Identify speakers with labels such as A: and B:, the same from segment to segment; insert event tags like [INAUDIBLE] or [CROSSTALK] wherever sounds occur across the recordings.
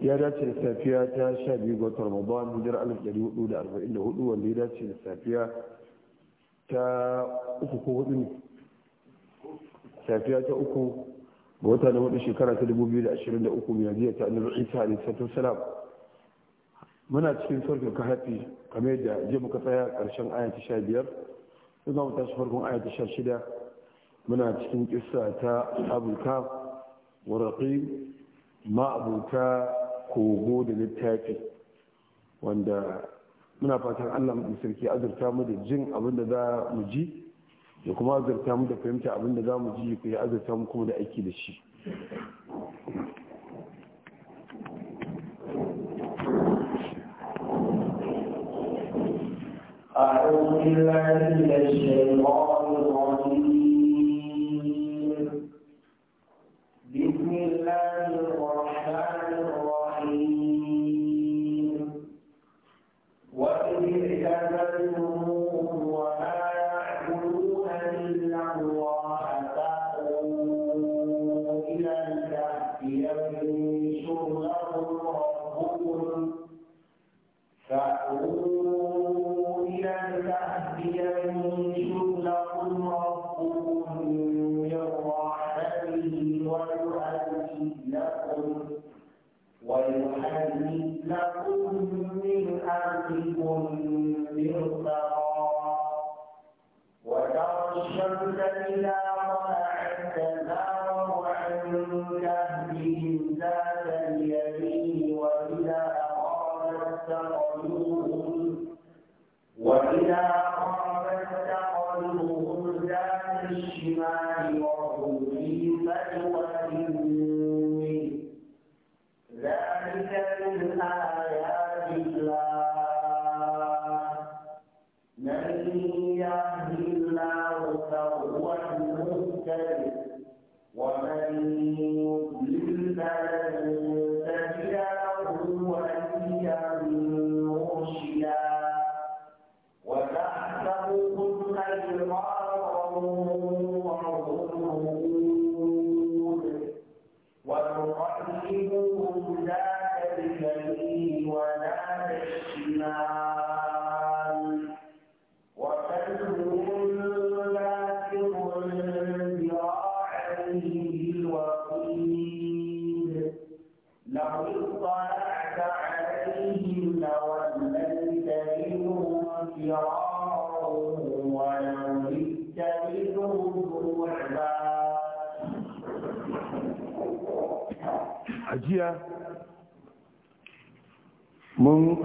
A: ya dace da safiya
B: ta sha biyu ga ba mu hijirar alif ɗari hudu da arba'in da hudu wanda ya dace da safiya ta uku ko hudu ne safiya ta uku ga wata na hudu shekara ta dubu biyu da ashirin da uku miliyar ta annabi isa alaihi salatu salam muna cikin ka kahafi kamar yadda jiya muka tsaya karshen aya ta sha biyar sai za mu tashi farkon aya ta sha shida muna cikin kissa ta abulka wa raqib ma ma'abuta kogo da littafi wanda muna fatan allah mu sarki azurta mu da jin abin da za mu ji da kuma azurta mu da fahimta abin da za mu ji ku yi azurta mu kuma da aiki da shi
A: أعوذ بالله من الشيطان الرجيم لكم ويحرم لكم من أرضكم مرصدا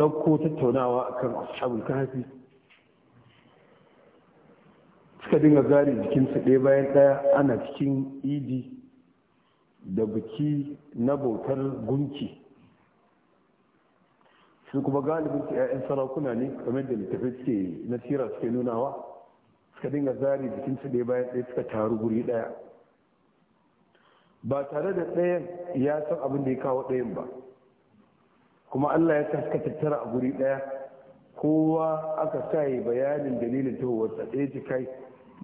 B: ɗauko tattaunawa a kan ashabul kahfi suka dinga zari jikinsa ɗaya bayan ɗaya ana cikin idi da biki na bautar gunki su kuma galibin su 'ya'yan sarakuna ne kamar da littafi suke na suke nunawa suka dinga zari su ɗaya bayan ɗaya suka taru guri ɗaya ba tare da ɗayan ya san abin da ya kawo ɗayan ba kuma Allah ya suka tattara a guri ɗaya kowa aka sa yi bayanin dalilin ta wata ɗaya ci kai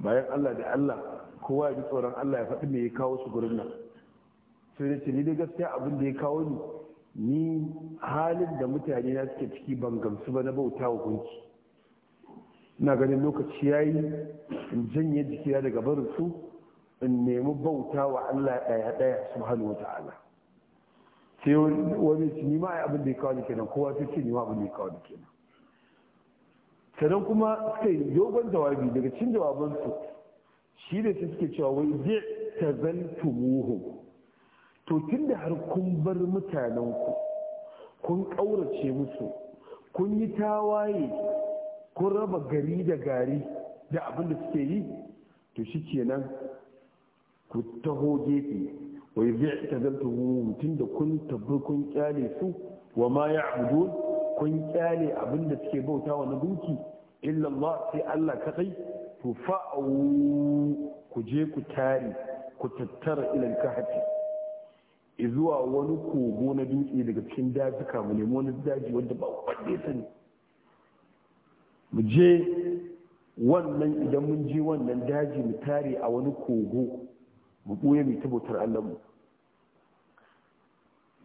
B: bayan Allah da Allah kowa ya ji tsoron Allah ya faɗi me ya kawo su gurin nan sai da ce ni dai gaskiya abin da ya kawo ni ni halin da mutane na suke ciki ban gamsu ba na bauta wa gunki na ganin lokaci ya yi in janye jikina daga barin su in nemi bauta wa Allah ɗaya ɗaya subhanahu wa ta'ala sai wani nima ya abin da ya kawo ni kenan kowa ce nima abin da ya kawo ni kenan sannan kuma suka yi dogon jawabi daga cin jawabansu shi ne suke cewa wai je ta zantu muhu to tun da har kun bar mutanenku kun ƙaurace musu kun yi tawaye kun raba gari da gari da abin da suke yi to shi kenan ku taho gefe wa idza tazaltuhum da kun tabbu kun kyale su wa ma ya'budun kun kyale abinda suke bauta wa gunki illa Allah sai Allah ka kadai to fa'u ku je ku tare ku tattara ilal kahfi zuwa wani kogo na dutse daga cikin dazuka mu nemi wani daji wanda ba wanda ya sani mu je wannan idan mun je wannan daji mu tare a wani kogo mu ɓoye mu ta bautar mu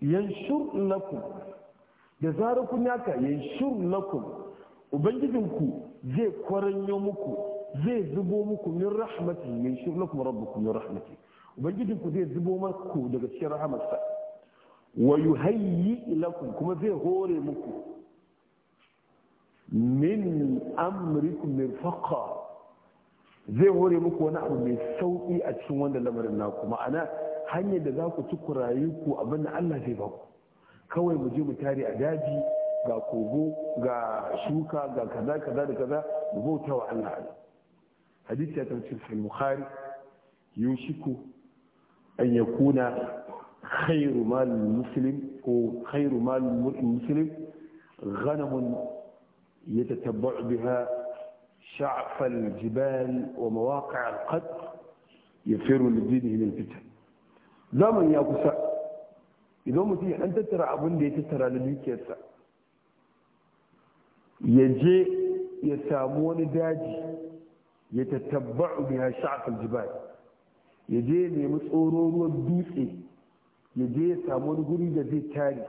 B: yanshur lakum da zarar kun yaka yanshur lakum ubangijinku zai kwaranyo muku zai zubo muku min rahmati yanshur lakum rabbukum min rahmati ubangijinku zai zubo muku daga cikin rahamarsa wa yuhayyi lakum kuma zai hore muku min amrikum faqa zai hore muku wani abu mai sauki a cikin wanda lamarin naku ma'ana hanyar da za ku ci ku rayu ku abin da Allah zai ba ku kawai mu je mu tare a daji ga kogo ga shuka ga kaza kaza da kaza mu bauta wa Allah Allah hadisi ya tabbata cikin Bukhari yushiku an yakuna khairu mal muslim ko khairu mal muslim غنم يتتبع بها شعف الجبال ومواقع القدر يفر لدينه من الفتن zamani ya kusa idan mutum ya ɗan tattara abin da ya tattara na dukiyarsa ya je ya samu wani daji ya tattabba'u biya sha'afar jibar ya je ya nemi ruwan dutse ya je ya samu wani guri da zai tare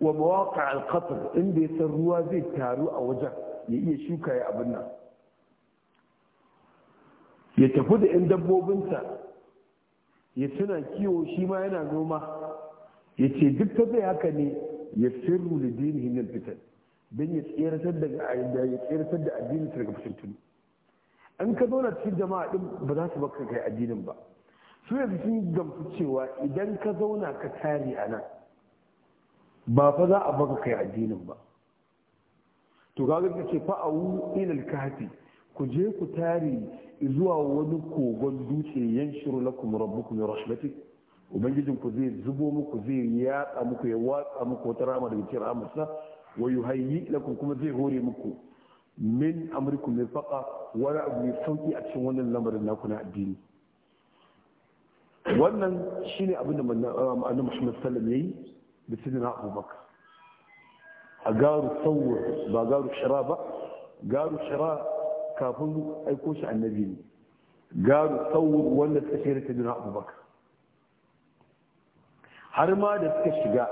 B: wa mawaƙa alƙafar inda ya san ruwa zai taru a wajen ya iya shuka ya abin nan ya tafi da 'yan dabbobinsa ya suna kiwo shi ma yana noma ya ce duk ta zai haka ne ya sirru da dini hinan fitar don ya tseratar daga ayyanda ya tseratar da addinin daga tuni. an ka zauna cikin jama'a ɗin ba za su baka kai addinin ba su yanzu sun gamsu cewa idan ka zauna ka tare a nan ba fa za a baka kai addinin ba to kaga ka ce fa'awu ilal kafi ku je ku tare zuwa wani kogon dutse yan shiru na kuma rabu kuma rahmatik ubangijin ku zai zubo muku zai yatsa muku ya watsa muku wata rama daga cikin ramarsa wa yuhayyi lakum kuma zai hore muku min amriku mai faqa wani abu mai sauki a cikin wannan lamarin naku na addini wannan shine abin da um, annabi Muhammad sallallahu alaihi wasallam da sidina Abubakar a garu sawur ba garu shira ba garu shira kafin aiko shi annabi ne garu tsawon wanda suka shirya ta juna abubakar har ma da suka shiga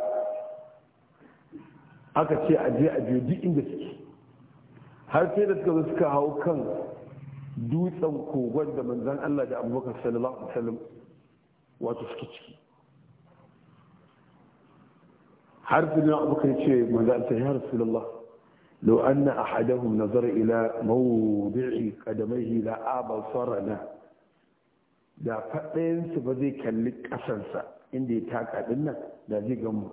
B: aka ce a je a je duk inda suke har sai da suka zo suka hau kan dutsen kogon da manzan Allah da abubakar sallallahu alaihi wasallam wato suke ciki har su abubakar ce manzan Allah ya rasulullah لو أن أحدهم نظر إلى موضع قدميه لأبصرنا da faɗayensu ba zai kalli ƙasansa inda ya taka ɗin nan da zai gamu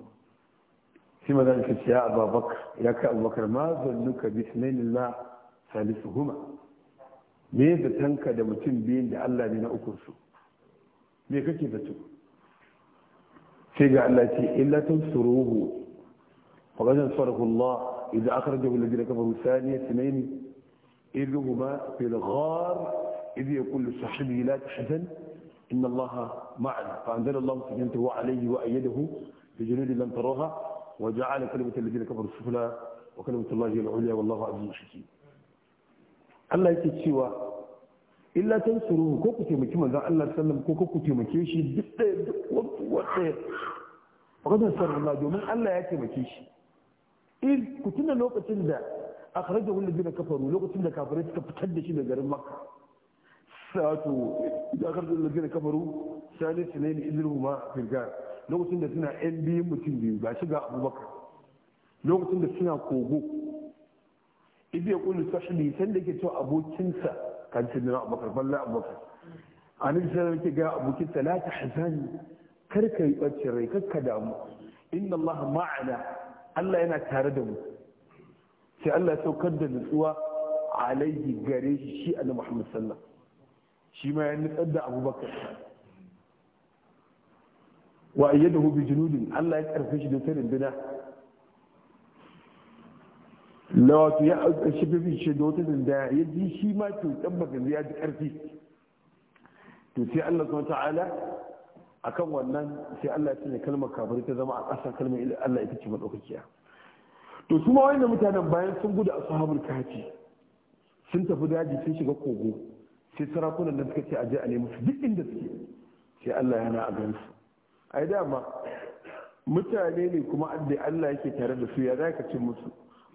B: shi ma zan fi ya ababakar ya kai abubakar ma ka bi la salisu huma me ya zatanka da mutum biyun da allah ne na su. me kake zato sai ga allah ce illa tun suruhu fa gajan sarahullah إذا أخرجه الذين كفروا ثانية اثنين إذ هما في الغار إذ يقول لصاحبه لا تحزن إن الله معنا فأنزل الله سجنته عليه وأيده بجنود لم تروها وجعل كلمة الذين كفروا السفلى وكلمة الله هي العليا والله عزيز حكيم الله يكي سوى إلا تنصروه كوكو تيمك كما ذا الله سلم كوكو تيمكي شي بطيب وطيب وقد نصر الله دوما الله يتيمكي شي in ku tuna lokacin da da alladhina kafaru lokacin da kafirai suka fitar da shi daga garin makka sato da akhrajahu alladhina kafaru sani sunayn idruhuma fil firga lokacin da suna yan biyun mutum biyu ga shi ga abubakar lokacin da suna kogo idh yaqulu sahibi san da ke cewa abokinsa kan tunna abubakar balla abubakar annabi sallallahu alaihi ga abokinsa la hasani kar ka yi ɓacin rai kar ka damu inna allaha ma'ana Allah yana tare da mu sai Allah ya saukar da nutsuwa alaihi gare shi shi annabi Muhammad sallallahu shi ma ya nutsar da Abubakar wa ayyadahu bi junudin Allah ya karfe shi da tarinduna lawatu ya shafi shi da wata dindaya ya ji shi ma to tabbatar ya ji karfi to sai Allah subhanahu wa ta'ala akan wannan sai Allah ya sanya kalmar kafir ta zama a ƙasa kalmar Allah ita ce madaukakiya to su ma wayannan mutanen bayan sun gudu a sahabul kaci sun tafi daji sun shiga kogo sai sarakunan nan suka ce a je a nemi su duk inda suke sai Allah yana a gansu ai dama mutane ne kuma da Allah yake tare da su ya zaka ce musu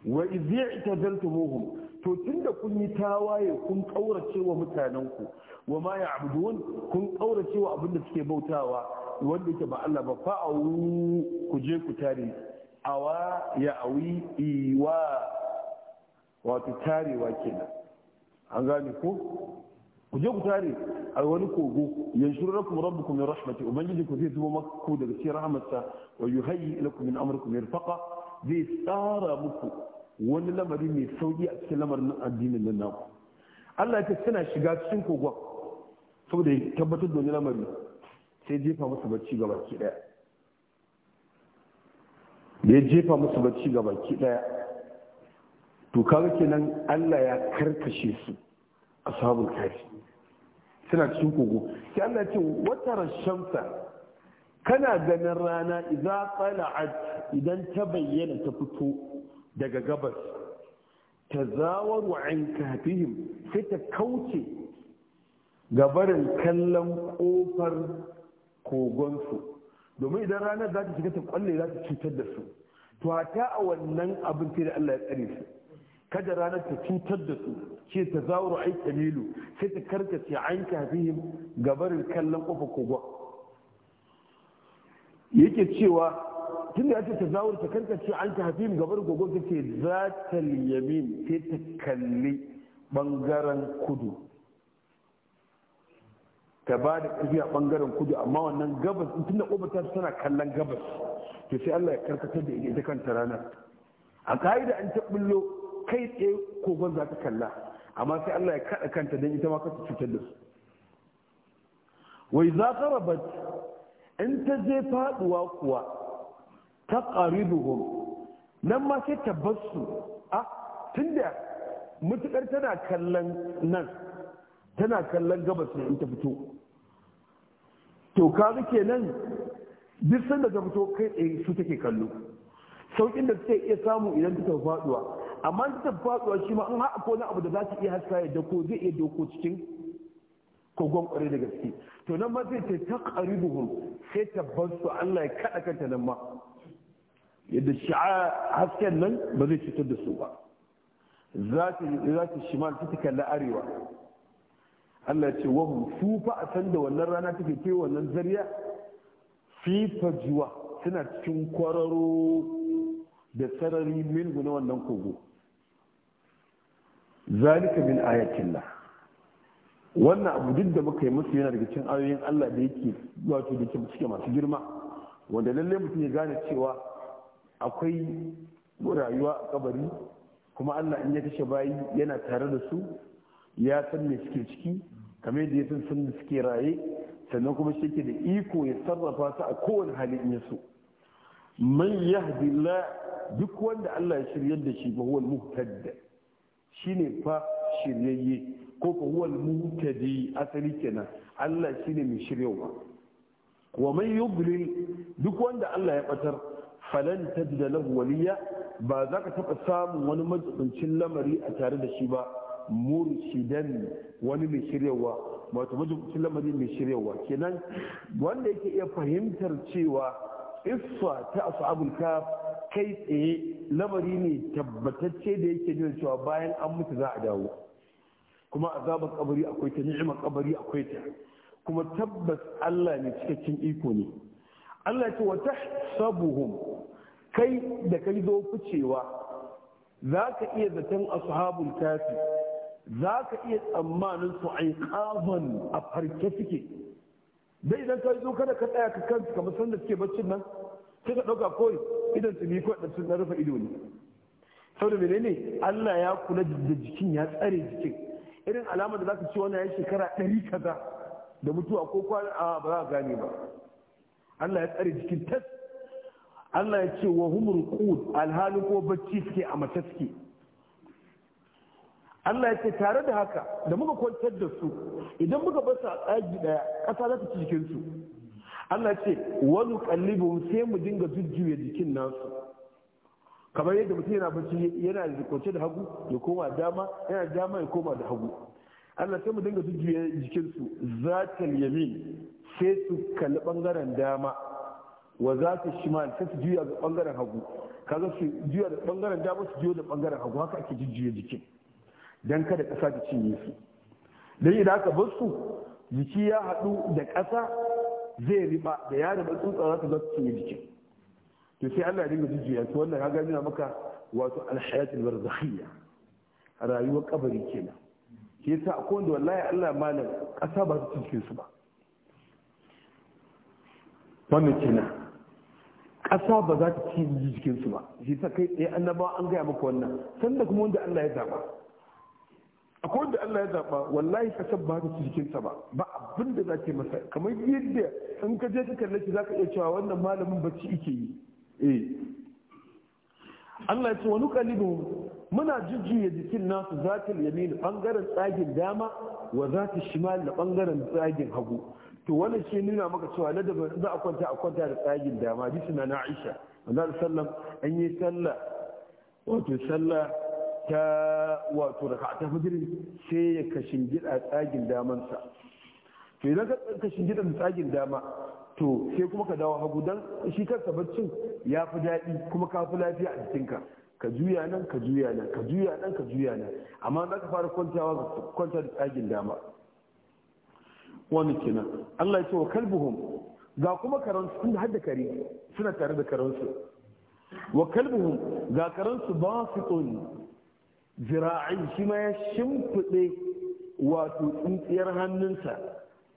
B: wa iz ya'tazaltumuhum to da kun yi tawaye kun kaurace wa mutanenku wa ma ya'budun kun kaurace wa abinda suke bautawa wanda yake ba Allah ba a ku je ku tare awa ya awi iwa wato tarewa kenan an gane ko ku je ku tare a wani kogo yanshur lakum rabbukum min rahmati ubangiji ku zai zubo maku daga cikin rahmatsa wa yuhayyi lakum min amrikum mirfaqa zai tsara muku wani lamari mai sauki a cikin lamarin addinin nan naku Allah ya suna shiga cikin kogon saboda ya tabbatar da wani lamari sai jefa musu bacci ga baki daya da ya jefa musu bacci ga baki daya to kaga kenan Allah ya karkashe su a sabon kafi suna cikin kogo sai Allah ya ce wata rashamsa kana ganin rana idza qala'at idan ta bayyana ta fito daga gabas ta zawaru an kafihim sai ta kauce gabarin kallon kofar kogonsu domin idan ranar za ta shiga ta kwalle za ta cutar da su to ta a wannan abin da Allah ya tsare su kada ranar ta cutar da su ce ta zawaru ai kalilu sai ta karkace an kafihim gabarin kallon kofar kogon yake cewa tunda ya ce ta zawar ta ce an ta hafi gabar gogo ta ce za ta liyamin ta kalli bangaren kudu ta ba da a bangaren kudu amma wannan gabas tunda ƙobatar tana kallon gabas to sai Allah ya karkatar da ita kanta ranar a ka'ida an ta kai tsaye kogon za ta kalla amma sai Allah ya kaɗa kanta don ita ma kasa cutar da su wai za ka rabat in ta je faɗuwa kuwa ta ƙaribuhun nan ma sai ta a ah, tun da mutukar tana kallon nan tana kallon gabas ne in ta fito to rike nan, duk sanda ta fito kai tsaye su take kallo saukin da suke iya samu idan ta tafi faduwa amma ta tafi faduwa shi ma an haɗa ko na abu da za ta iya haska ya ko zai iya doko cikin kogon kwarai da gaske to nan ma zai ta ta ƙaribuhun sai ta bar Allah ya kaɗa kanta nan ma yadda shi'a hasken nan ba zai cutar da su ba za ta shimal ta kalla arewa Allah ce wa su fa a san da wannan rana take ke wannan zariya fi fajuwa suna cikin kwararo da sarari milgu na wannan kogo zalika min la wannan abu duk da muka yi musu yana daga cikin ayoyin Allah da yake wato da ke masu girma wanda lallai mutum ya gane cewa akwai rayuwa a kabari kuma Allah in ya kashe bayi yana tare da su ya san me suke ciki kamar yadda ya san sun da suke raye sannan kuma shi ke da iko ya sarrafa su a kowane hali in ya so man yahdillah duk wanda Allah ya shiryar da shi ba huwal muhtadda shine fa shiryayye ko fa huwal muhtadi asali kenan Allah shine mai shiryawa wa man yudlil duk wanda Allah ya batar falan tajida lahu waliya ba za ka taɓa samun wani majibincin lamari a tare da shi ba murshidan wani mai shiryawa wato majibincin lamari mai shiryawa kenan wanda yake iya fahimtar cewa iswa ta ashabul kaf kai tsaye lamari ne tabbatacce da yake jin cewa bayan an mutu za a dawo kuma azabar kabari akwai ta ni'imar kabari akwai ta kuma tabbas Allah ne cikakken iko ne Allah ya ce wa tahsabuhum kai da kai zo ficewa za ka iya zaton ashabul kafi za ka iya tsammanin su aikazan a farke suke dai idan ka zo kada ka tsaya ka kansu kamar sanda suke baccin nan sai ka ɗauka kawai idan su biyu kawai sun rufe ido ne saboda menene Allah ya kula da jikin ya tsare jikin irin alamar da za ka ci wani ya shekara ɗari kaza da mutuwa ko kwana a ba za a gane ba Allah ya tsare jikin tas Allah ya ce wa humul qud alhali ko bacci suke a mace suke Allah ya ce tare da haka da muka kwantar da su idan muka bar su a tsagi daya kasa za ta ci jikin su Allah ya ce wani kallibin sai mu dinga jujjuya jikin nasu kamar yadda mutum yana bacci yana da kwance da hagu ya koma dama yana dama ya koma da hagu Allah sai mu dinga jujjuya jikin su zatal yamin sai su kalli bangaren dama wa za ta shimal ta juya ga bangaren hagu kaga su juya da bangaren dama su juya da bangaren hagu haka ake jujjuya jikin dan kada kasa ta cinye su dan idan aka bar su jiki ya haɗu da ƙasa zai riba da ya riba tsuntsa za ta zo ta cinye jikin to sai Allah ya dinga jujjuya to wannan kaga nuna maka wato alhayatul barzakhiyya rayuwar kabari kenan ke yasa a wanda wallahi Allah malam ƙasa ba ta cinye su ba wannan kenan ƙasa ba za ta ci jikinsu ba shi ta kai tsaye annabawa an gaya maka wannan sanda kuma wanda Allah ya zaɓa akwai wanda Allah ya zaɓa wallahi ƙasar ba ta ci jikinsa ba ba abin da za ta masa kamar yadda in ka je ka kalle shi za ka iya cewa wannan malamin bacci yake yi eh Allah ya ce wani kalibu muna jujjuya jikin nasu zatil yamin bangaren tsagin dama wa zatil shimal da bangaren tsagin hagu to wannan shi nuna maka cewa na daban za a kwanta a kwanta da tsagin dama hadisi na Aisha manzo sallam an yi sallah wato sallah ta wato raka'a ta sai ya kashin gida tsagin daman sa to idan ka kashin gida da tsagin dama to sai kuma ka dawo hagu dan shi kansa baccin ya fi daɗi kuma ka fi lafiya a jikinka ka juya nan ka juya nan ka juya nan ka juya nan amma za ka fara kwantawa kwanta da tsagin dama wani kenan Allah ya ce wa kalbuhum ga kuma karansu inda hadda kare suna tare da karansu wa kalbuhum ga karansu ba su tsoni zira'in shi ma ya shimfiɗe wato tsintsiyar hannunsa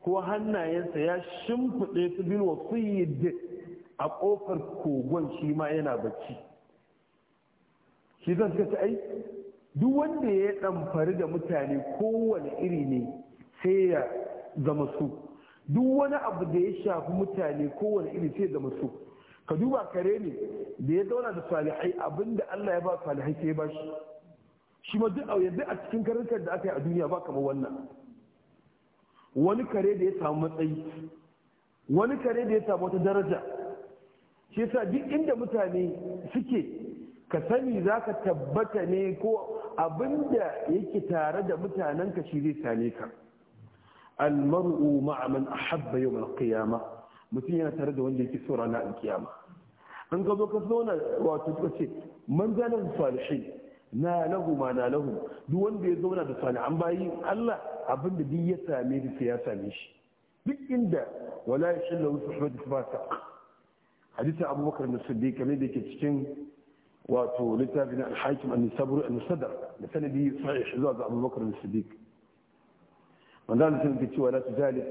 B: ko hannayensa ya shimfiɗe su bin wa wasiyyid a ƙofar kogon shi ma yana bacci shi zan suka ai duk wanda ya ɗamfari da mutane kowane iri ne sai ya zama su duk wani abu da ya shafi mutane kowane iri sai zama su ka duba kare ne da ya zauna da salihai abinda Allah ya ba salihai sai ya ba shi shi ma duk yanzu a cikin karantar da aka yi a duniya ba kamar wannan wani kare da ya samu matsayi wani kare da ya samu wata daraja shi yasa duk inda mutane suke ka sani za ka tabbata ne ko abinda yake tare da mutanenka shi zai same ka almar'u ma'a man ahabba yawmal qiyama mutum yana tare da wanda yake so ranar alkiyama an gazo ka zauna wato suka ce man zana na lahu ma na lahu duk wanda ya zauna da an bayi Allah abin da duk ya same shi sai ya same shi duk inda wala yashillu suhbatu fasaq hadisin abubakar da siddiq kamar da ke cikin wato littafin al-hakim an-nisaburi al-musaddar da sanadi sahih zuwa ga abubakar da siddiq wanda zai sun cewa la tujalib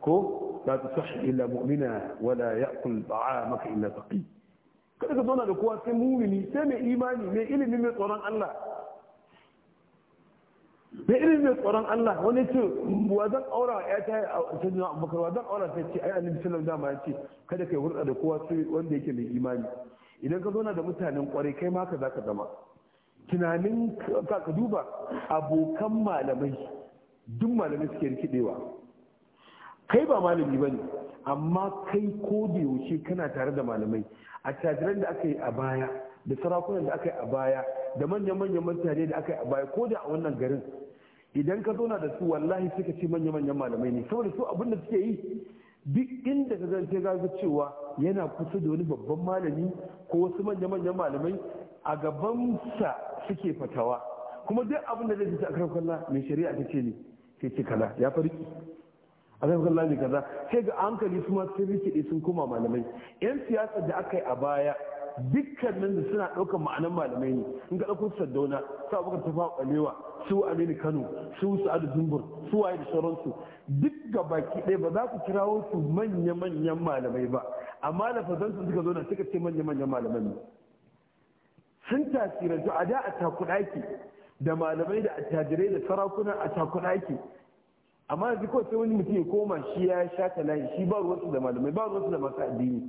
B: ko la tusahhi illa mu'mina wala ya'kul maka illa taqi kada ka zauna da kowa sai mumini sai mai imani mai ilimi mai tsoron Allah mai ilimi mai tsoron Allah wani ce wa zan aura ya ta sai na Abubakar wa zan aura sai ce ai annabi sallallahu alaihi wasallam ya ce kada kai hurda da kowa sai wanda yake mai imani idan ka zauna da mutanen kwarai kai ma ka zaka zama tunanin ka duba abokan malamai duk malami suke rikidewa kai ba malami ba ne amma kai ko da yaushe kana tare da malamai a tajiran da aka yi a baya da sarakunan da aka yi a baya da manyan manyan mutane da aka yi a baya ko da a wannan garin idan ka zauna da su wallahi suka ce manya-manyan malamai ne saboda su abin da suke yi duk inda ka zance ga cewa yana kusa da wani babban malami ko wasu manya-manyan malamai a gabansa suke fatawa kuma duk abin da zai ji a karfalla mai shari'a ta ce ne sai ce kaza ya farki a zai kalla ne kaza sai ga hankali su ma sun rikide sun koma malamai yan siyasa da aka yi a baya dukkanin da suna ɗaukar ma'anar malamai ne in ga ɗaukar sardauna su abokan tafa ɓalewa su aminu kano su sa'adu zumbur su waye da sauransu duk ga baki ɗaya ba za ku kirawo su manya-manyan malamai ba amma da fasansu suka zo na suka ce manya-manyan malamai ne sun tasirantu a da a takuɗaki da malamai da attajirai da sarakuna a takuna ake amma yanzu kawai sai wani mutum ya koma shi ya sha layi shi ba ruwansu da malamai ba ruwansu da masu addini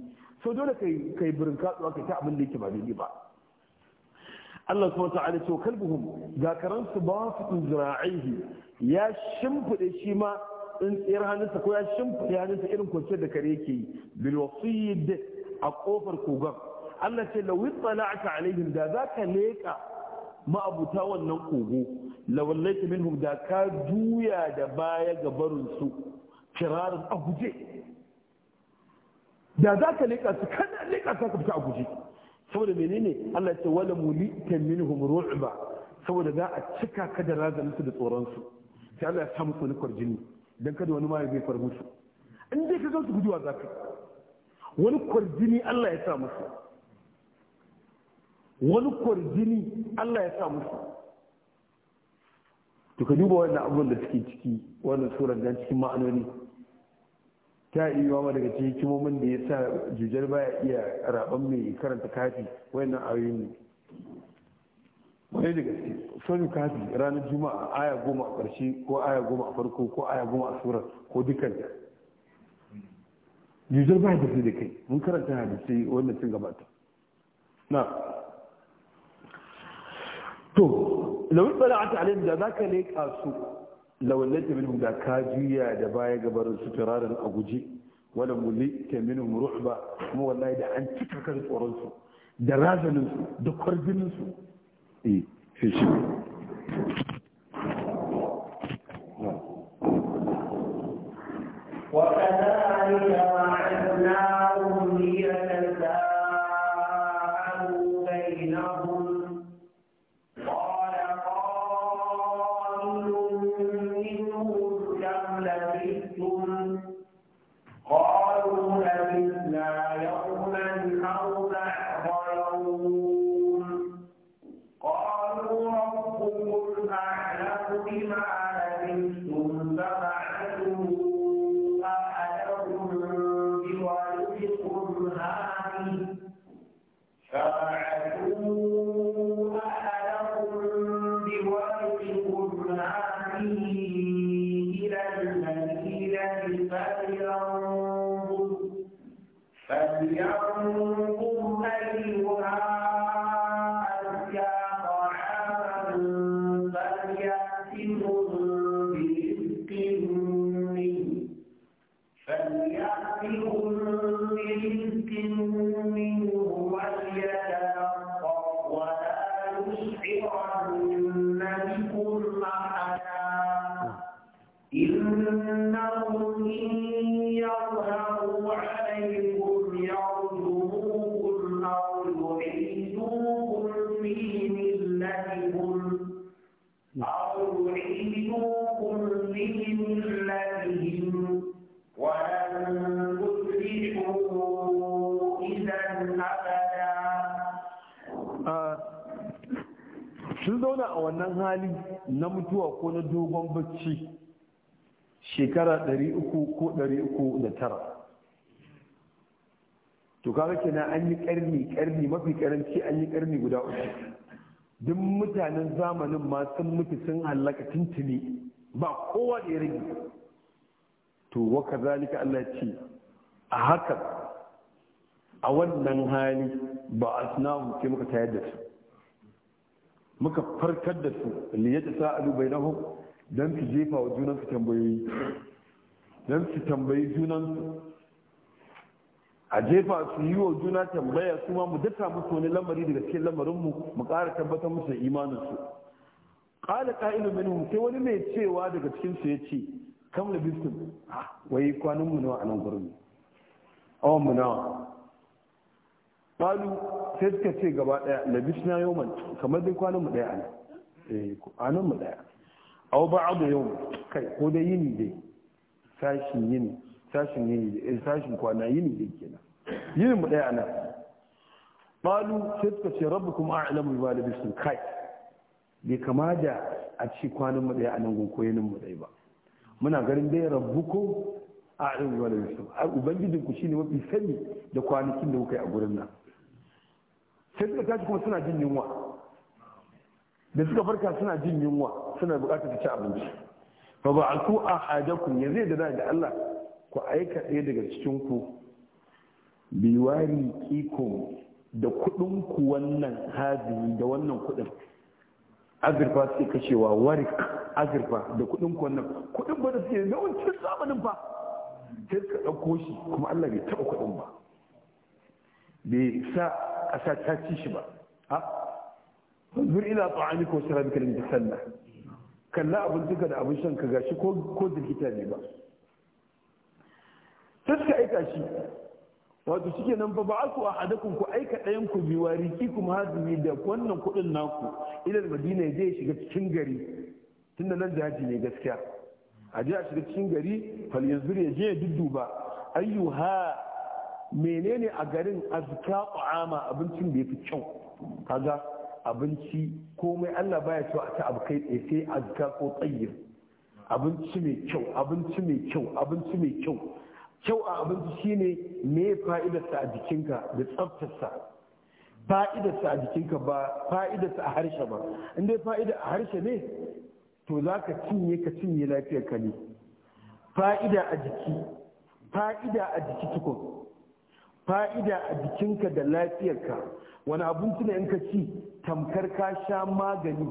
B: so dole kai kai burin katsuwa kai ta abin da yake ba daidai ba Allah subhanahu wa ta'ala to kalbuhum zakaran su ba su zira'ihi ya shimfide shi ma in tsayar hannunsa ko ya shimfide hannunsa irin kwanciyar da kare yake yi bil wasid a kofar kogon Allah ce law ittala'ta alaihim da zaka leka ma'abuta wannan kogo lawallaita minhum da ka juya da baya ga barin su kirarin a guje da za ka leƙa su kana leƙa su ka fita a guje saboda menene Allah ya ce wala mulita minhum ru'ba saboda za a cika ka da razan su da tsoron su sai Allah ya samu musu kwarjini dan kada wani ma ya bai farmu su in dai ka ga su gujewa za ka wani kwarjini Allah ya sa musu wani kwarjini Allah ya sa musu to ka duba wannan abubuwan da suke ciki wannan suran dan cikin ma'anoni ta iya ma daga cikin hikimomin da ya sa jujar baya iya raban mai karanta kafi wannan ayoyin ne Wani da gaske sojin kafi ranar juma'a aya goma a ƙarshe ko aya goma a farko ko aya goma a surar ko dukkan da jujjar baya da da kai mun karanta hadisai wannan sun gabata na to lawin tsana'ata alayhim da za ka leƙa su lawallata minhum da ka juya da baya gabarin su firarin a guje wala mulika minhum ruhba kuma wallahi da an cika kan tsoron su da razanin su da kwarjinin su eh shi wannan hali na mutuwa ko na dogon bacci shekara 300 ko 309 to kaga kenan an yi karni karni mafi karanci an yi karni guda uku duk mutanen zamanin ma sun mutu sun hallaka tuntuni ba kowa da ya rage to wa kazalika Allah ce a haka a wannan hali ba asnahu sai muka tayar da su muka farkar da su sa'adu bai nahu. Don su jefa wa junan su tambayoyi Don su tambayi junan su a jefa su yi wa juna tambaya su ma mu dafa musu wani lamari daga cikin lamarinmu mu ƙara tabbatar musu imanin su ƙa'ilu qa'ilu minhum sai wani mai cewa daga cikin su yace kam bisu ah, wai kwanan mu nawa nan gurin awon mu nawa Falu sai suka ce gaba daya labisna yawman kamar dai kwanan mu daya ana eh anan mu daya wabar abu yau kai ko dai yini dai sashin yini sashin yini eh sashin kwana yini dai kenan yini mu daya ana falu sai suka ce kuma a a'lamu bima labistum kai bai kama da a ci kwanan mu daya anan gunko koyenin mu daya ba muna garin dai ko a arin ruwa da yusuf ubangijin ku shine mafi sani da kwanakin da kuka yi a gurin nan sai suka tashi kuma suna jin yunwa da suka farka suna jin yunwa suna bukatar ta ci abinci fa ba aku ahadakum yanzu da da Allah ku aika ɗaya daga cikin ku biwari iko da kuɗin ku wannan hazi da wannan kuɗin azurfa suke kashewa warik azurfa da kuɗin ku wannan kuɗin ba da suke yawancin zamanin fa sai suka ɗauko shi kuma Allah bai taɓa kuɗin ba bai sa ƙasa ta ci shi ba ha ina ila ta'ami ko da kalin da na kalla abin duka da abin shan ka shi ko ko ne ba ta suka aika shi wato shike nan fa a hadakun ku aika ɗayan ku kuma warikikum hadhihi da wannan kuɗin naku idan madina ya je ya shiga cikin gari tun da nan jihadi ne gaskiya a je a shiga cikin gari fal ya je ya dudduba ayyuha menene a garin azka ƙwa'ama abincin da ya fi kyau kaga abinci komai Allah baya cewa a ta abu kai tsaye sai azka ko tsayyir abinci mai kyau abinci mai kyau abinci mai kyau kyau a abinci shine me fa'idarsa a jikinka da tsaftar fa'idar fa'idarsa a jikinka ba fa'idarsa a harshe ba in dai fa'ida a harshe ne to zaka ka cinye ka cinye lafiyar ka ne fa'ida a jiki fa'ida a jiki tukun fa'ida a jikinka da lafiyarka wani abinci ne in ka ci tamkar ka sha magani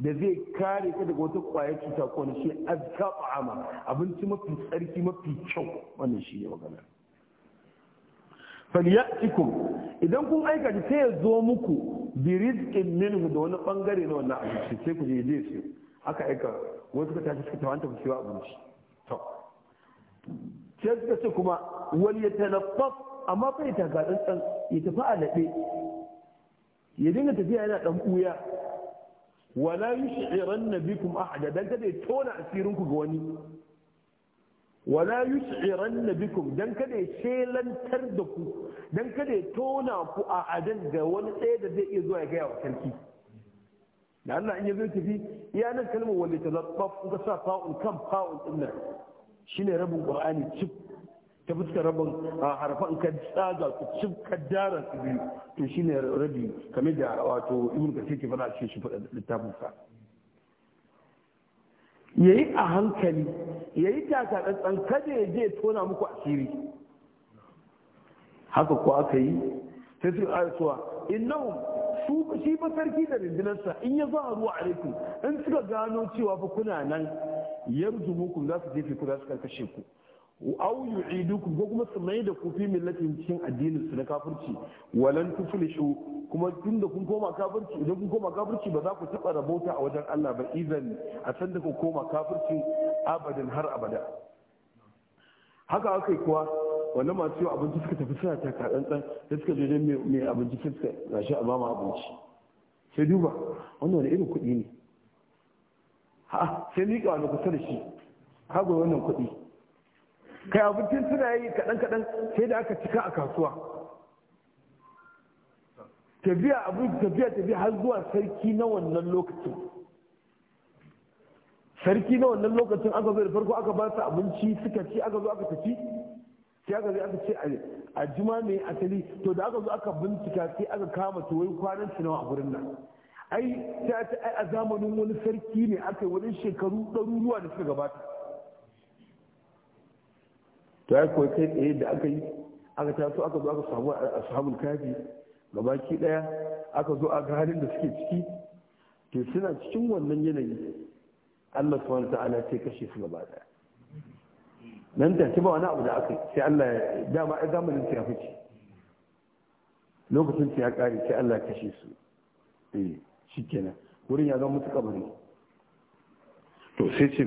B: da zai kare ka daga wata kwayar cuta ko wani shi azka ba'ama abinci mafi tsarki mafi kyau wannan shi ne magana falyatikum idan kun ji sai ya zo muku bi rizqin minhu da wani bangare na wannan abinci sai ku je je su aka aika wasu ka tashi suka tawanta ku ciwa abinci to sai suka ce kuma wal yatalaffaf amma ya taka tsantsan ya tafi a naɗe ya dinga tafiya yana ɗan ɓuya wala yi shi'iran na bikum ahada don kada ya tona asirin ku ga wani wala yi shi'iran na bikum don kada ya shelantar da ku don kada ya tona ku a adan ga wani ɗaya da zai iya zuwa ya gaya wa sarki da Allah in ya zo tafi iya nan kalmar wani ta zaɓa sa fa'un kan fa'un ɗin nan shine rabin ƙur'ani cif ta fuskar rabin harfan ka tsaga su cin kaddara su biyu to ne rabi kamar da wato ibn kasir ke fara cikin shi fada littafin sa yayi a hankali yayi taka tsantsan kada ya je tona muku asiri haka ko aka yi sai su ayatuwa innahu su shi ba sarki da sa in ya zaharu alaikum in suka gano cewa fa kuna nan yarjumukum za su jefe ku za su karkashe ku aw yu'idukum ko kuma su mai da ku fi millatin cikin addinin su na kafirci walan tuflihu kuma tunda kun koma kafirci idan kun koma kafirci ba za ku taba rabota a wajen Allah ba idan a san da ku koma kafirci abadan har abada haka akai kuwa wannan masu yau abinci suka tafi suna ta kaɗan da suka je don mai abinci suka gashi a bama abinci sai duba wannan wani irin kuɗi ne ha sai miƙa wani kusa da shi kago wannan kuɗi kai abincin suna yi kaɗan-kaɗan sai da aka cika a kasuwa tafiya abin tafiya tafiya har zuwa sarki na wannan lokacin sarki na wannan lokacin aka zo da farko aka ba su abinci suka ci aka zo aka tafi sai aka zai aka ce a juma mai asali to da aka zo aka bincika sai aka kama to wai kwanan su nawa a gurin nan ai ta ce ai a zamanin wani sarki ne aka yi wani shekaru ɗaruruwa da suka gabata to ya koyi kai tsaye da aka yi aka taso aka zo aka samu ashabul kafi gabaki daya aka zo aka halin da suke ciki to suna cikin wannan yanayi Allah subhanahu ta'ala sai kashe su gaba daya nan da ba wani abu da aka sai Allah ya dama ai zamanin ta fice lokacin ta ya kare sai Allah ya kashe su eh shikenan wurin ya zama mutu kabari to sai ce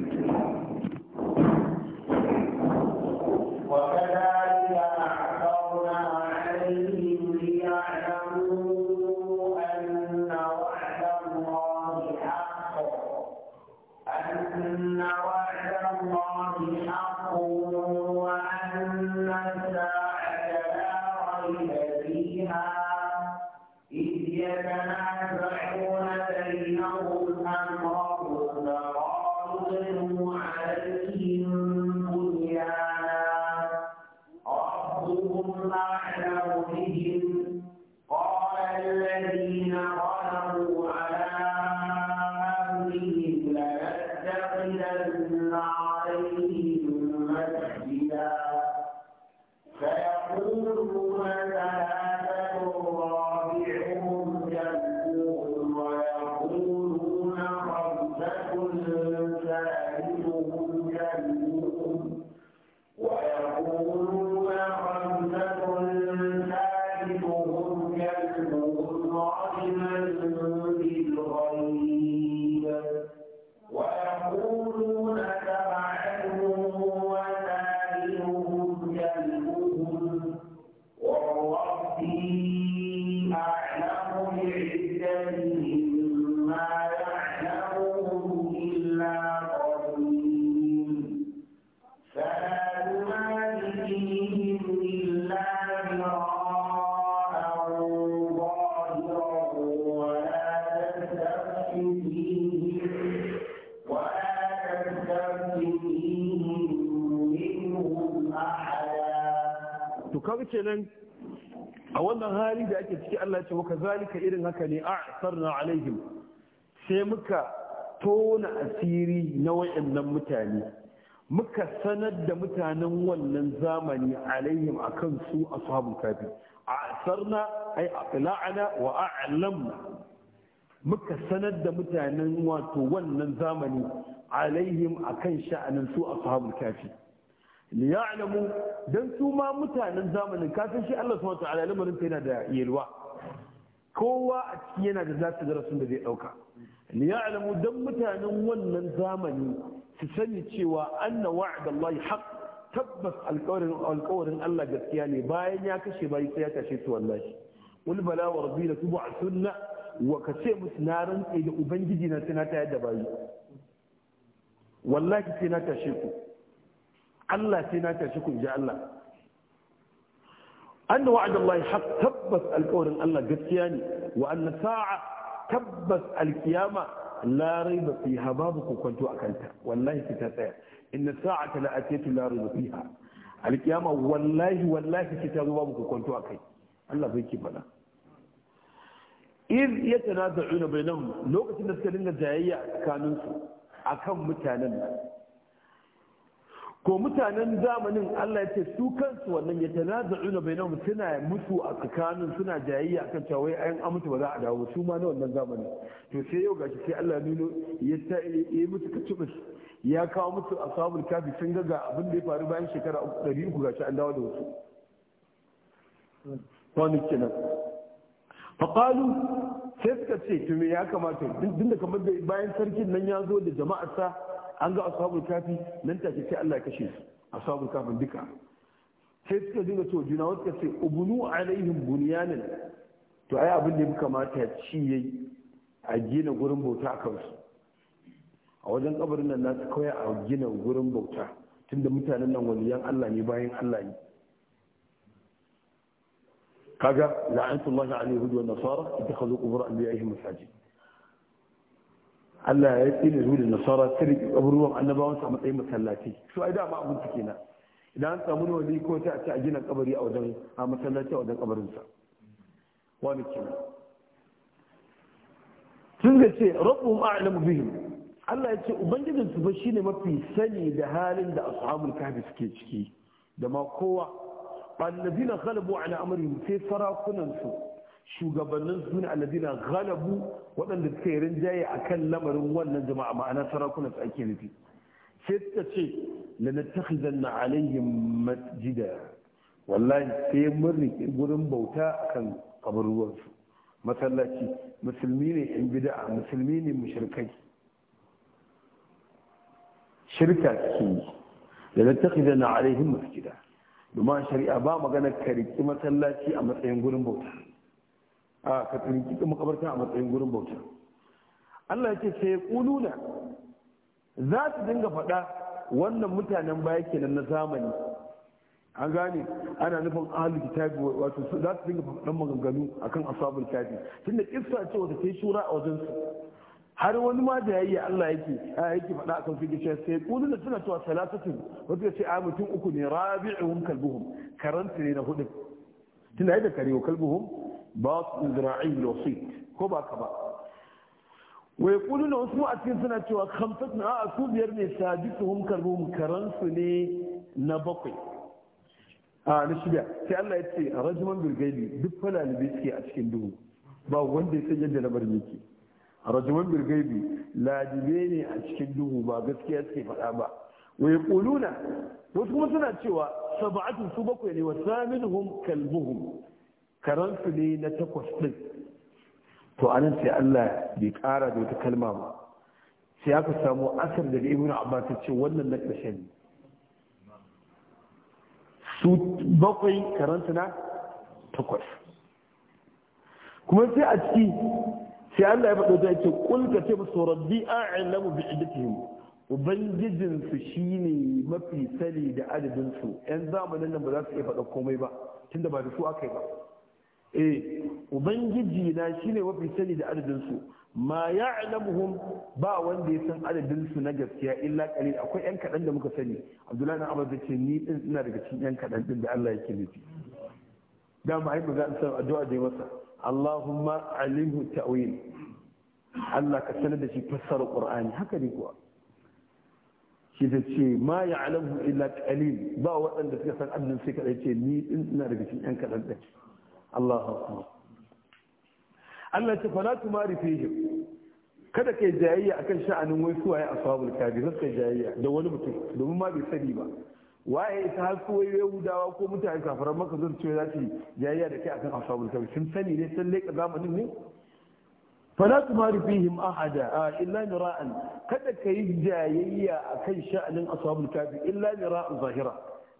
B: kaga kenan a wannan hali da ake ciki Allah ce waka zalika irin haka ne a sarna alaihim sai muka tona asiri na wayannan mutane muka sanar da mutanen wannan zamani alaihim akan su ashabu kafi a sarna ai aqla'ana wa a'lamna muka sanar da mutanen wato wannan zamani alaihim akan sha'anin su ashabu kafi liya'lamu dan su ma mutanen zamanin kasan shi Allah subhanahu ta'ala lamarin ta yana da yelwa kowa a ciki yana da zasu rasul da zai dauka liya'lamu dan mutanen wannan zamani su sani cewa anna wa'dallahi haqq tabbas alƙawarin Allah gaskiya ne bayan ya kashe bayi sai ya tashe su wallahi wal bala wa rabbi la wa kace musu na rantsi da ubangiji na sai na da bayi wallahi sai na tashe ku Allah sai na tashi ku ji Allah anna wa'ada Allah haq tabbas alƙawarin Allah gaskiya ne wa anna sa'a tabbas alkiyama la raiba fiha babu kokonto akanta wallahi ki ta tsaya inna sa'ata la atatu la raiba fiha alkiyama wallahi wallahi ki ta zo babu kokonto akai Allah bai ki fada iz yatanaza'una bainahum lokacin da suka dinga jayayya tsakaninsu akan mutanen nan ko mutanen zamanin Allah ya ce su kansu wannan ya bai bainahum suna mutu a tsakanin suna jayayya akan cewa wai ayan amince ba za a dawo su ma na wannan zamanin to sai yau gashi sai Allah nuno ya ta yi musu kacibus ya kawo mutu a sabul kafi sun ga ga abin da ya faru bayan shekara uku gashi an dawo da wasu wani kenan faƙalu sai suka ce to me ya kamata duk da kamar bayan sarkin nan ya zo da jama'arsa an ga ashabul kafi nan take sai Allah ya kashe su ashabul kafin duka sai suka dinga to juna wata ce ubunu alaihim bunyanan to ai abin da ya kamata ci yayi a gina gurin bauta a kansu a wajen kabarin nan nasu kawai a gina gurin bauta tunda mutanen nan waliyan Allah ne bayan Allah ne kaga la'antullahi alaihi wa nasara ittakhadhu qubur anbiya'ihim masajid Allah ya tsine zuwa da nasara ta riƙe kaburwan annabawan su a matsayin masallaci su ai dama abin ciki na idan an samu ne wani ko ta ce a gina kabari a wajen a masallaci a wajen kabarinsa. wani kenan tun da ce rabu a'lamu bihim Allah ya ce ubangijin su ba shi ne mafi sani da halin da ashabul kahfi suke ciki da ma kowa ba zina ghalabu ala amrihim sai sarakunan shugabannin suna aladina galabu waɗanda suka yi rinjaye a kan lamarin wannan jama'a ma'ana sarakuna su ake nufi sai suka ce lanattakhidan na alayhim masjida wallahi sai mun riƙe gurin bauta akan kabaruwansu masallaci musulmi ne in bid'a musulmi ne mushrikai shirka ke yi lanattakhidan na alayhim masjida domin shari'a ba magana ka riƙi masallaci a matsayin gurin bauta a ka tsinki makabarta a matsayin gurin bauta Allah ya ce sai kuluna za su dinga faɗa wannan mutanen baya kenan na zamani an gane ana nufin ahlul kitabi wato za su dinga faɗan maganganu akan ashabul kafi tunda kissa ce wata sai shura a wajen su har wani ma da yayi Allah yake a yake faɗa akan su gishi sai kulun suna cewa salatatun wato ce a mutum uku ne rabi'un kalbuhum karanta ne na hudu tunda da kare kalbuhum ba su zira'in yosit ko ba ka ba wai kudu na wasu a cikin suna cewa kamfas na a su biyar ne saji su hun karbu karansu ne na bakwai a na shida sai Allah ya ce a rajiman birgaibi duk ne falalibi suke a cikin duhu ba wanda ya san yadda na lamarin miki. a rajiman birgaibi ladibe ne a cikin duhu ba gaskiya suke faɗa ba wai kuluna wasu kuma suna cewa saba'atun su bakwai ne wa saminuhum kalbuhum karansu ne na takwas ɗin to anan sai Allah bai ƙara da wata kalma ba sai aka samu asar daga ibn abbas ta ce wannan na ƙarshe ne su bakwai karansu na takwas kuma sai a ciki sai Allah ya faɗo ta ce kul ka ce musu rabbi a'lamu bi iddatihim ubangijinsu shine mafi sani da su 'yan zamanin nan ba za su iya faɗa komai ba tunda ba da su aka yi ba eh ubangiji na shine wafi sani da adadin su ma ya'lamuhum ba wanda ya san adadin su na gaskiya illa qalil akwai yan kadan da muka sani abdullahi na abbas ce ni din ina daga cikin yan kadan din da Allah yake nufi da ma ai maza san addu'a da masa Allahumma alimhu ta'wil Allah ka sanar da shi fassara Qur'ani haka ne kuwa shi da ce ma ya'lamu illa qalil ba waɗanda suka san adadin sai kadai ce ni din ina daga cikin yan kadan din Allahu akbar Allah ta fala tu mari fihim kada kai jayayya akan sha'anin wai su waye ashabul kabi sai kai jayayya da wani mutum domin ma bai sani ba waye ita har su waye yahudawa ko mutane kafaran maka zan ce za su jayayya da kai akan ashabul kabi sun sani ne sun leka zamanin ne fala tu mari fihim ahada illa ni mira'an kada kai jayayya akan sha'anin ashabul kabi illa ni mira'an zahira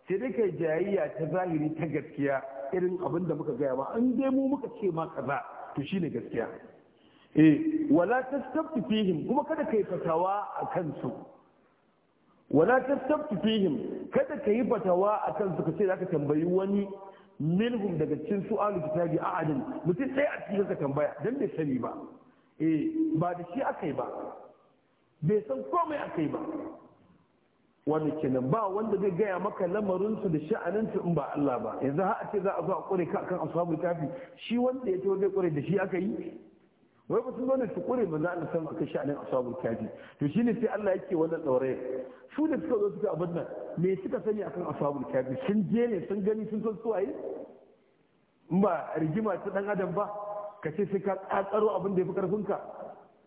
B: sai dai kai jayayya ta zahiri ta gaskiya irin abin da muka gaya ba an dai mu muka ce ma kaza to shine gaskiya eh wala tastabtu fihim kuma kada kai fatawa akan su wala tastabtu fihim kada kai fatawa akan su ka zaka tambayi wani minhum daga cikin su'alu kitabi a'adin mutum sai a cikin ka tambaya dan bai sani ba eh ba da shi akai ba bai san komai akai ba wani kenan ba wanda zai gaya maka lamarinsu da sha'aninsu in ba Allah ba yanzu har a ce za a zo a kure ka kan ashabul kafi shi wanda ya ce zai kure da shi aka yi wai ba sun zauna su kure ba za a san akan sha'anin ashabul kafi to shine sai Allah yake wannan daure su da suka zo suka abin nan me suka sani akan ashabul kafi sun je ne sun gani sun san suwaye in ba rigima ta dan adam ba ka ce sai ka kakaro abin da ya fi karfinka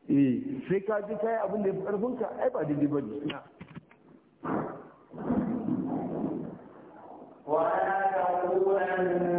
B: eh sai ka ji kai abin da ya fi karfinka ai ba daidai ba ne
A: ولا تقولن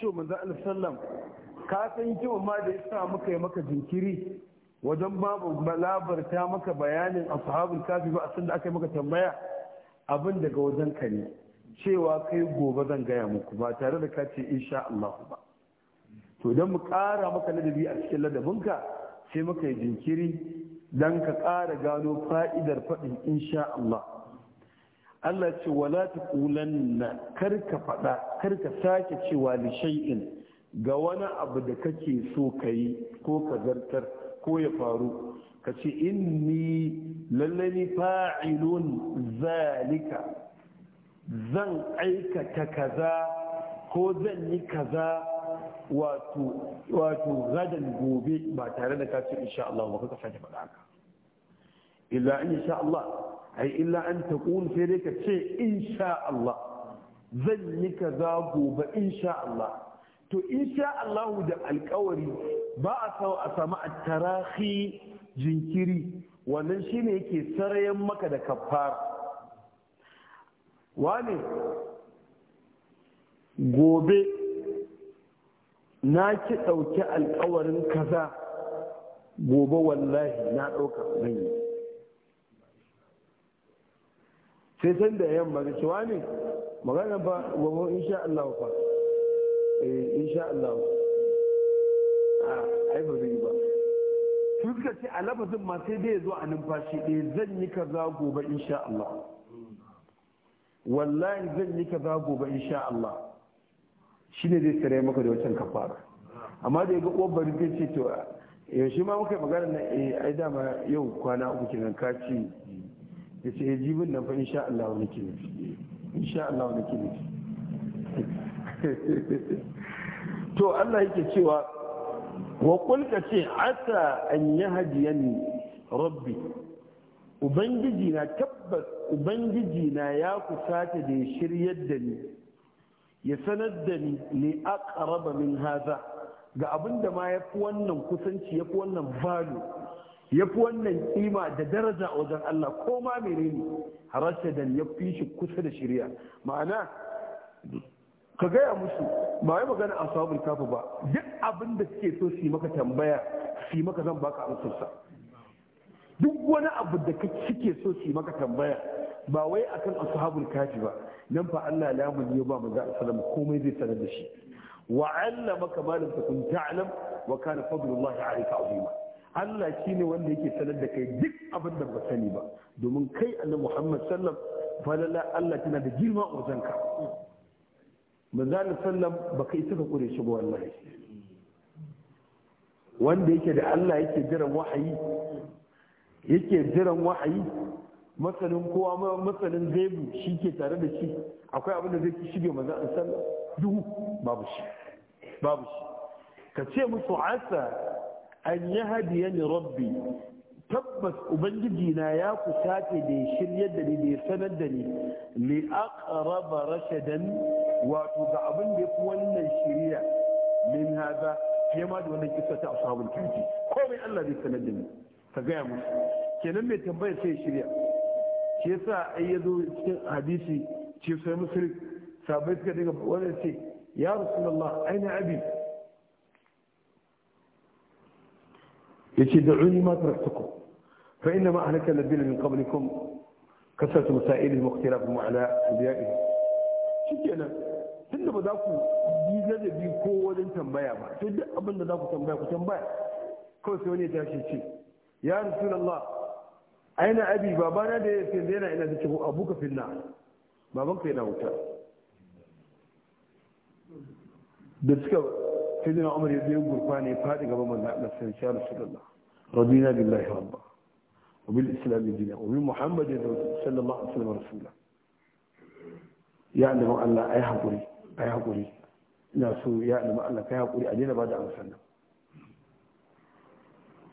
B: cewa manzon Allah sallam ka san cewa ma da yasa muka yi maka jinkiri wajen babu labarta maka bayanin ashabul kafi ba san da aka yi maka tambaya abin daga wajen ka ne cewa kai gobe zan gaya muku ba tare da ka ce insha Allah ba to don mu ƙara maka ladabi a cikin ladabinka sai muka yi jinkiri dan ka ƙara gano fa'idar faɗin insha Allah Allah ce wala taqulanna karka fada karka sake cewa li shay'in ga wani abu da kake so kai ko ka zartar ko ya faru ka ce inni lallani fa'ilun zalika zan aikata kaza ko zan yi kaza wato gadan gobe ba tare da ka ce insha Allah ba ka sake faɗa haka illa in sha Allah ai illa an taqul sai dai ka ce in sha Allah zan yi kaza gobe in sha Allah to in sha Allah da alkawari ba a sa a samu attarahi jinkiri wannan shine yake sarayen maka da kafar wane gobe na ki ɗauki alƙawarin kaza gobe wallahi na ɗauka zan yi sai san da yan ba da cewa ne magana ba gobe insha Allah fa eh insha Allah a ah, ai ba zai ba su suka ce a lafazin ma sai dai zo a numfashi ɗaya zan yi ka za gobe insha Allah wallahi zan yi ka za gobe insha Allah shi ne zai tsare maka da wancan kafara amma da ya ga uwar bari zai ce to yaushe ma muka yi magana na eh, ai dama yau kwana uku kenan ka ce ya ce ya eh, jibin nan fa insha Allah wani ke nufi insha Allah wani ke [LAUGHS] to Allah yake cewa wa kulka ce asa an yi hadiyani rabbi ubangiji na tabbas ubangiji na ya kusata da shiryar da ni ya sanar da ni ne aqraba min haza ga abinda ma ya fi wannan kusanci ya fi wannan value ya fi wannan kima da daraja a wajen Allah ko ma menene rashadan ya fi shi kusa da shirya ma'ana ka gaya musu ba wai magana a sabon kafa ba duk abin da suke so su yi maka tambaya su yi maka zan baka amsarsa duk wani abu da ka suke so su yi maka tambaya ba wai akan ashabul kafi ba nan fa Allah lamun ya ba manzo sallallahu alaihi komai zai sanar da shi wa 'allamaka ma lam takun ta'lam wa kana fadlullahi 'alayka 'azima Allah shi ne wanda yake sanar da kai duk abin da ba sani ba domin kai annabi Muhammad sallam falala Allah tana da girma a wajenka manzo sallam ba kai suka kure shi ba wallahi wanda yake da Allah yake jiran wahayi yake jiran wahayi masanin kowa masanin gaibu shi ke tare da shi akwai abin da zai shige manzo sallam duhu babu shi babu shi ka ce musu asa an yi hadiya ni rabbi tabbas ubangiji na ya kusace da shirya da ni da sanar da ni li aqraba rashadan wato ga abin da yafi wannan shirya min haza fiye ma da wannan kisa ta ashabul kafi komai Allah zai sanar da ni ka gaya musu kenan mai tambaya sai shirya shi yasa ai yazo cikin hadisi ce sai musulmi sabai suka daga wannan sai ya rasulullah aina abi yace da'uni ma taraktukum fa inna ma ahlaka alladhina min qablikum kasatu masail al-mukhtalafum ala anbiya'ihi shikenan tunda ba za ku yi ladabi ko wajen tambaya ba to duk abin da za ku tambaya ku tambaya kawai sai wani ya tashi ce ya rasulullah aina abi babana da ya sai yana ina da abuka finna babanka yana wuta da suka sayyidina umar ya zai gurfa ne faɗi gaba manzo Allah sai ya rasulullah radina billahi rabba wa bil islam dinan wa bi muhammadin sallallahu alaihi wasallam rasulullah ya annabi Allah ai hakuri ai hakuri ina so ya annabi Allah kai hakuri a dina ba da amsan nan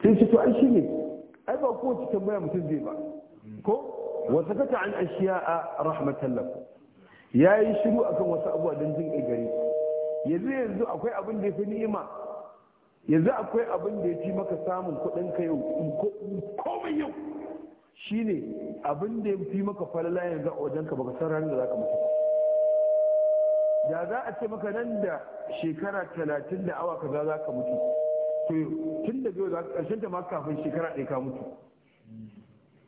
B: sai shi to an shi ne ai ba ko ci tambaya mutum zai ba ko wa sakata an a rahmatan ya yi shiru akan wasu abuwa dan jin gari yanzu yanzu akwai abin da ya fi ni'ima yanzu akwai abin da ya fi maka samun kuɗin ka yau um, um, komai yau shine abin da ya fi maka falala yanzu a wajen ka baka san ranar da zaka mutu da za a ce maka nan da shekara talatin da awa kaza za ka mutu to tun da biyu za ka ta ma kafin shekara ɗaya ka mutu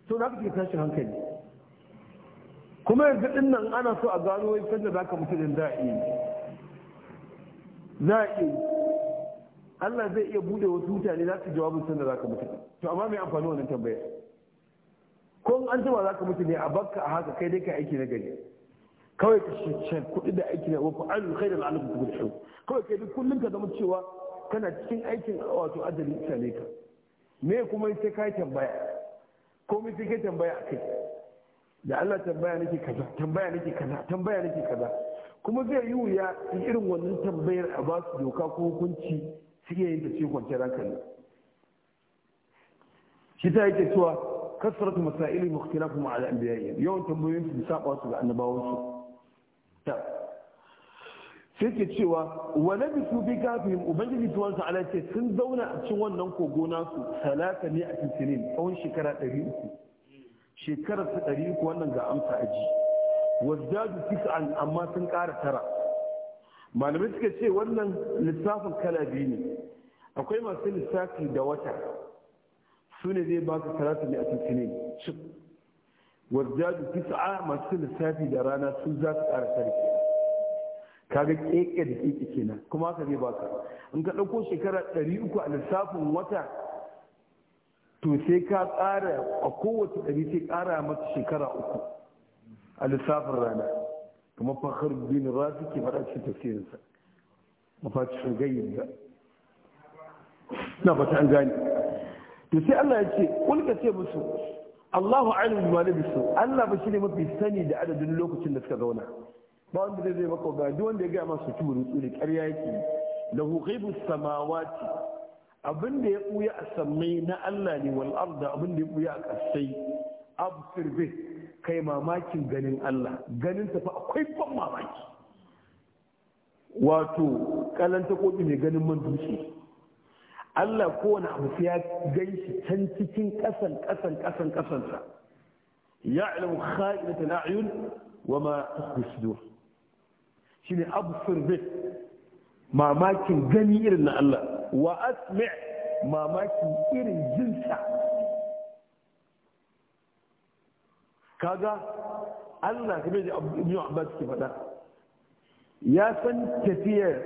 B: to za ka ke tashin hankali kuma yanzu ɗin nan ana so a gano wai sanda za ka mutu din za a iya za a iya Allah zai iya bude wasu mutane za su jawabin sanda za ka mutu to amma mai amfani wannan tambayar ko an zama za ka mutu ne a bakka a haka kai dai ka aiki na gari kawai ka shi kuɗi da aiki na wafi an kai da al'adun kuma da kawai kai duk kullum ka zama cewa kana cikin aikin wato ajali same ka me kuma sai ka tambaya komai sai ka tambaya a kai da Allah tambaya nake kaza tambaya nake kaza tambaya nake kaza kuma zai yi wuya irin wannan tambayar a ba su doka ko hukunci su iya yin ta kwanciyar hankali shi ta yake cewa kasratu masailin kuma a ala biyayya, yawan tambayoyin su saɓa su ga annabawan su ta sai ke cewa bi su bi gafin ubangiji tuwon su ala ce sun zauna a cikin wannan kogo nasu salata ne a cikin tsawon shekara 300 shekarar su 300 wannan ga amsa aji wazdadu tis'an amma sun ƙara tara malamai suka ce wannan lissafin kala biyu ne akwai masu lissafi da wata su ne zai baka talata ne a tuntune cik wazdadu tis'a masu lissafi da rana su za su ƙara tara kaga keke da keke kenan kuma haka zai baka in ka ɗauko shekara ɗari uku a lissafin wata to sai ka ƙara a kowace ɗari sai ƙara mata shekara uku a lissafin rana kuma fahar bin rafi ke fada cikin tafsirinsa mafacin gayyin da na fata an gane to sai Allah ya ce kulka ce musu Allahu alim ma nabi su Allah ba ne mafi sani da adadin lokacin da suka zauna ba wanda zai zai maka ga duk wanda ya ga masu kibu rutsu ne ƙarya yake lahu ghaibu samawati abinda ya buya a sammai na Allah ne wal arda abinda ya buya a kasai absir bih kai mamakin ganin Allah ganin tafi akwai ban mamaki wato kalanta kofi mai ganin man dutse Allah kowane abu sai ya gan shi can cikin kasan kasan kasan ƙasansa ya ilmu kha'inatul a'yun wa ma tasdur shine absir bi mamakin gani irin na Allah wa asmi mamakin irin jinsa kaga Allah kamar da Ibn Abbas ke faɗa ya san tafiyar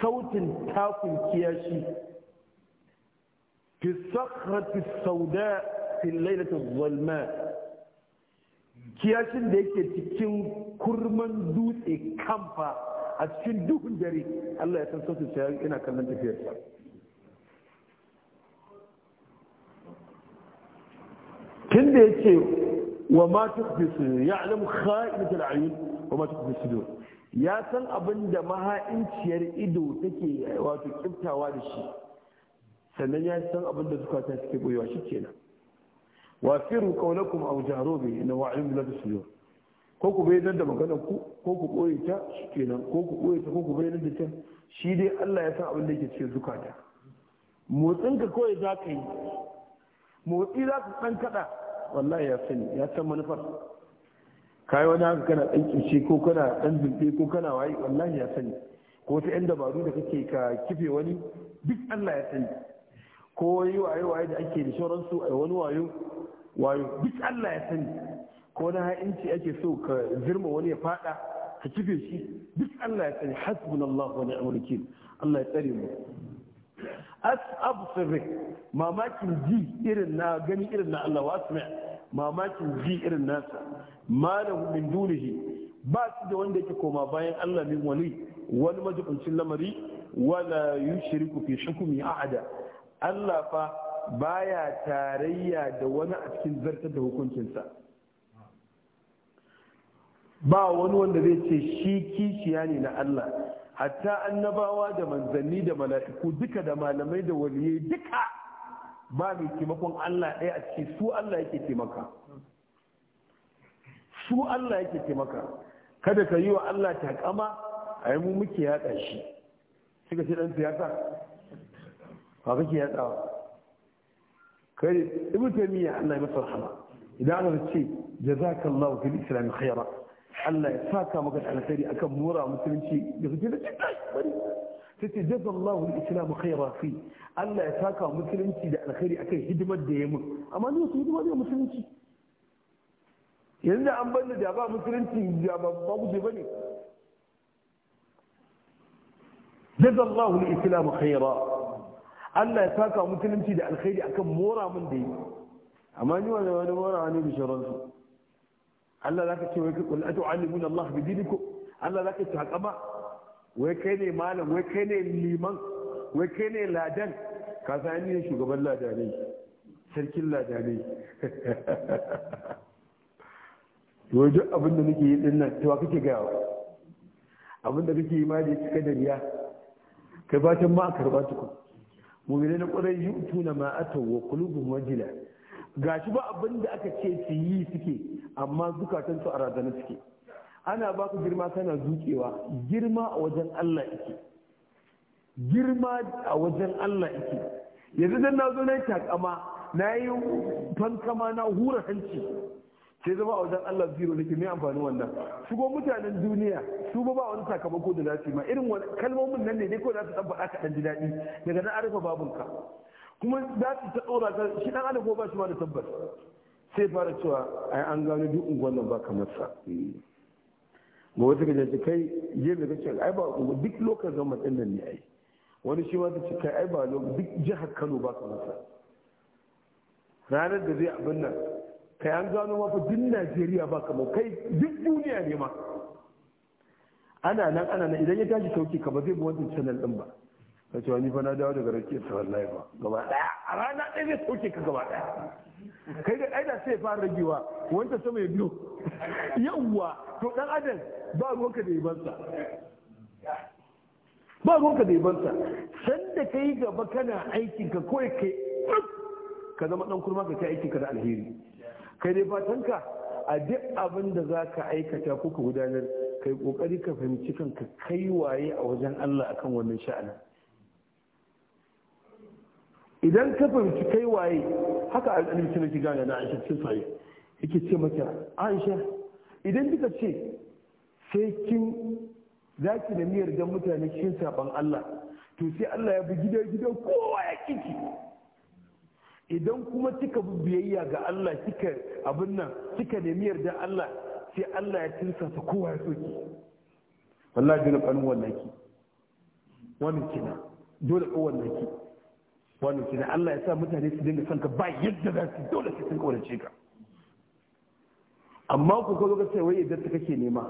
B: sautin takun kiyashi fi sakhrati sauda fi lailati zalma kiyashin da yake cikin kurman dutse kamfa a cikin duhun dare Allah ya san sautin sa yana kallon tafiyar sa tunda yace وما تخفي ya san abin da maha'inciyar ido take wato kiftawa da shi sannan ya san abin da zukata suke boyewa shi kenan wa firu qawlakum aw jaru bi inna wa'im la ko ku bayyana da maganar ku ko ku boye ta kenan ko ku boye ta ko ku bayyana da ta shi dai Allah ya san abin da yake cikin zukata motsin kawai za ka yi motsi za ka san wallahi ya sani ya san manufar kai wani haka kana dan kirce ko kana dan zulfe ko kana waye wallahi ya sani ko ta yan dabaru da kake ka kife wani duk Allah ya sani ko wayo waye waye da ake da su a wani wayo wayo duk Allah ya sani ko na ha'inci ake so ka zirma wani ya fada ka kife shi duk Allah ya sani hasbunallahu wa ni'mal wakeel Allah ya tsare mu as'ab sirri mamakin ji irin na gani irin na Allah wasmi mamakin ji irin nasa malahu min dunihi ba su da wanda yake koma bayan Allah min wali wani majibincin lamari wala yushriku fi hukmi ahada Allah fa baya tarayya da wani a cikin zartar da hukuncinsa ba wani wanda zai ce shi kishiya ne na Allah hatta annabawa da manzanni da mala'iku duka da malamai da waliyai duka ba mai taimakon Allah ɗaya a ciki su Allah yake taimaka su Allah yake taimaka kada ka yi wa Allah takama a yi mu muke yaɗa shi suka ce ɗan siyasa ba kake yaɗawa kai ibn taymiya Allah ya masa rahama idan aka ce jazakallahu fil islam khaira Allah ya saka maka da alheri akan mura musulunci da kake da cikin bari sai ce jazallahu al-islamu khayra fi Allah ya saka musulunci da alheri akan hidimar da ya mun amma ni su hidima ne musulunci yanzu da an banda da ba musulunci da ba ba guje bane jazallahu al-islamu Allah ya saka musulunci da alheri akan mora mun da yi amma ni wani wani mora ne da sharansu Allah za ka ce wai kul atu'allimuna Allah bi dinikum Allah za ka ce hakama wai kai ne malam wai kai ne liman wai kai ne ladan ka san ne shugaban ladanai sarkin ladanai [LAUGHS] to duk abin da nake yi din nan to kake ga abin da kake yi ma da cika da riya kai tun ma a karba tuku mu'mini na ƙwarai yi na ma atau wa qulubuhum wajila gashi ba abin da aka ce su yi suke amma zukatan su a razana suke ana ba ku girma kana zukewa girma a wajen Allah ike girma a wajen Allah ike yanzu dan nazo nayi takama nayi fankama na hura hanci sai zama a wajen Allah zero nake mai amfani wannan su go mutanen duniya su ba wani sakamako da zasu yi ma irin kalmomin nan ne dai ko zasu su ka dan ji daɗi daga nan arifa rufe babunka kuma za su ta ɗora shi dan adam ko ba shi ma da tabbas sai fara cewa ai an gano duk unguwan nan ba kamar sa ba wata gajen su kai je da kace ai ba duk lokacin zama ɗin nan ne ai wani shi ma ta ce kai ai ba duk jihar Kano ba kamar sa ranar da zai abin nan kai an gano ma fa duk Najeriya ba kamar kai duk duniya ne ma ana nan ana nan idan ya tashi sauki ka ba zai bi wancan canal din ba ka cewa ni fa na dawo daga rakiyar ta wallahi ba gaba daya a rana ɗaya zai sauke ka gaba daya kai da aida sai ya fara ragewa wanda sama ya biyo yawwa to dan adam ba ruwanka da yabansa ba ruwanka da yabansa san da kai gaba kana aikin ka kawai kai ka zama dan kurma ka kai aikin ka da alheri kai dai ka a duk abin da za ka aikata ko ka gudanar kai kokari ka fahimci kanka kai waye a wajen Allah akan wannan sha'anin idan ka fahimci kai waye haka al'adun sun ki gane na Aisha cikin sahi yake ce mata Aisha idan kika ce sai kin zaki da miyar dan mutane cikin saban Allah to sai Allah ya bi gidan gidan kowa ya kiki idan kuma kika bi biyayya ga Allah kika abin nan kika nemi da Allah sai Allah ya tinsa ta kowa ya soki wallahi na fanu wallahi wannan kina dole ko wannan ki wannan shi Allah ya sa mutane su dinga son ka ba yadda za su dole su sun kaurace ka amma ku ko sai wai idan ta kake nema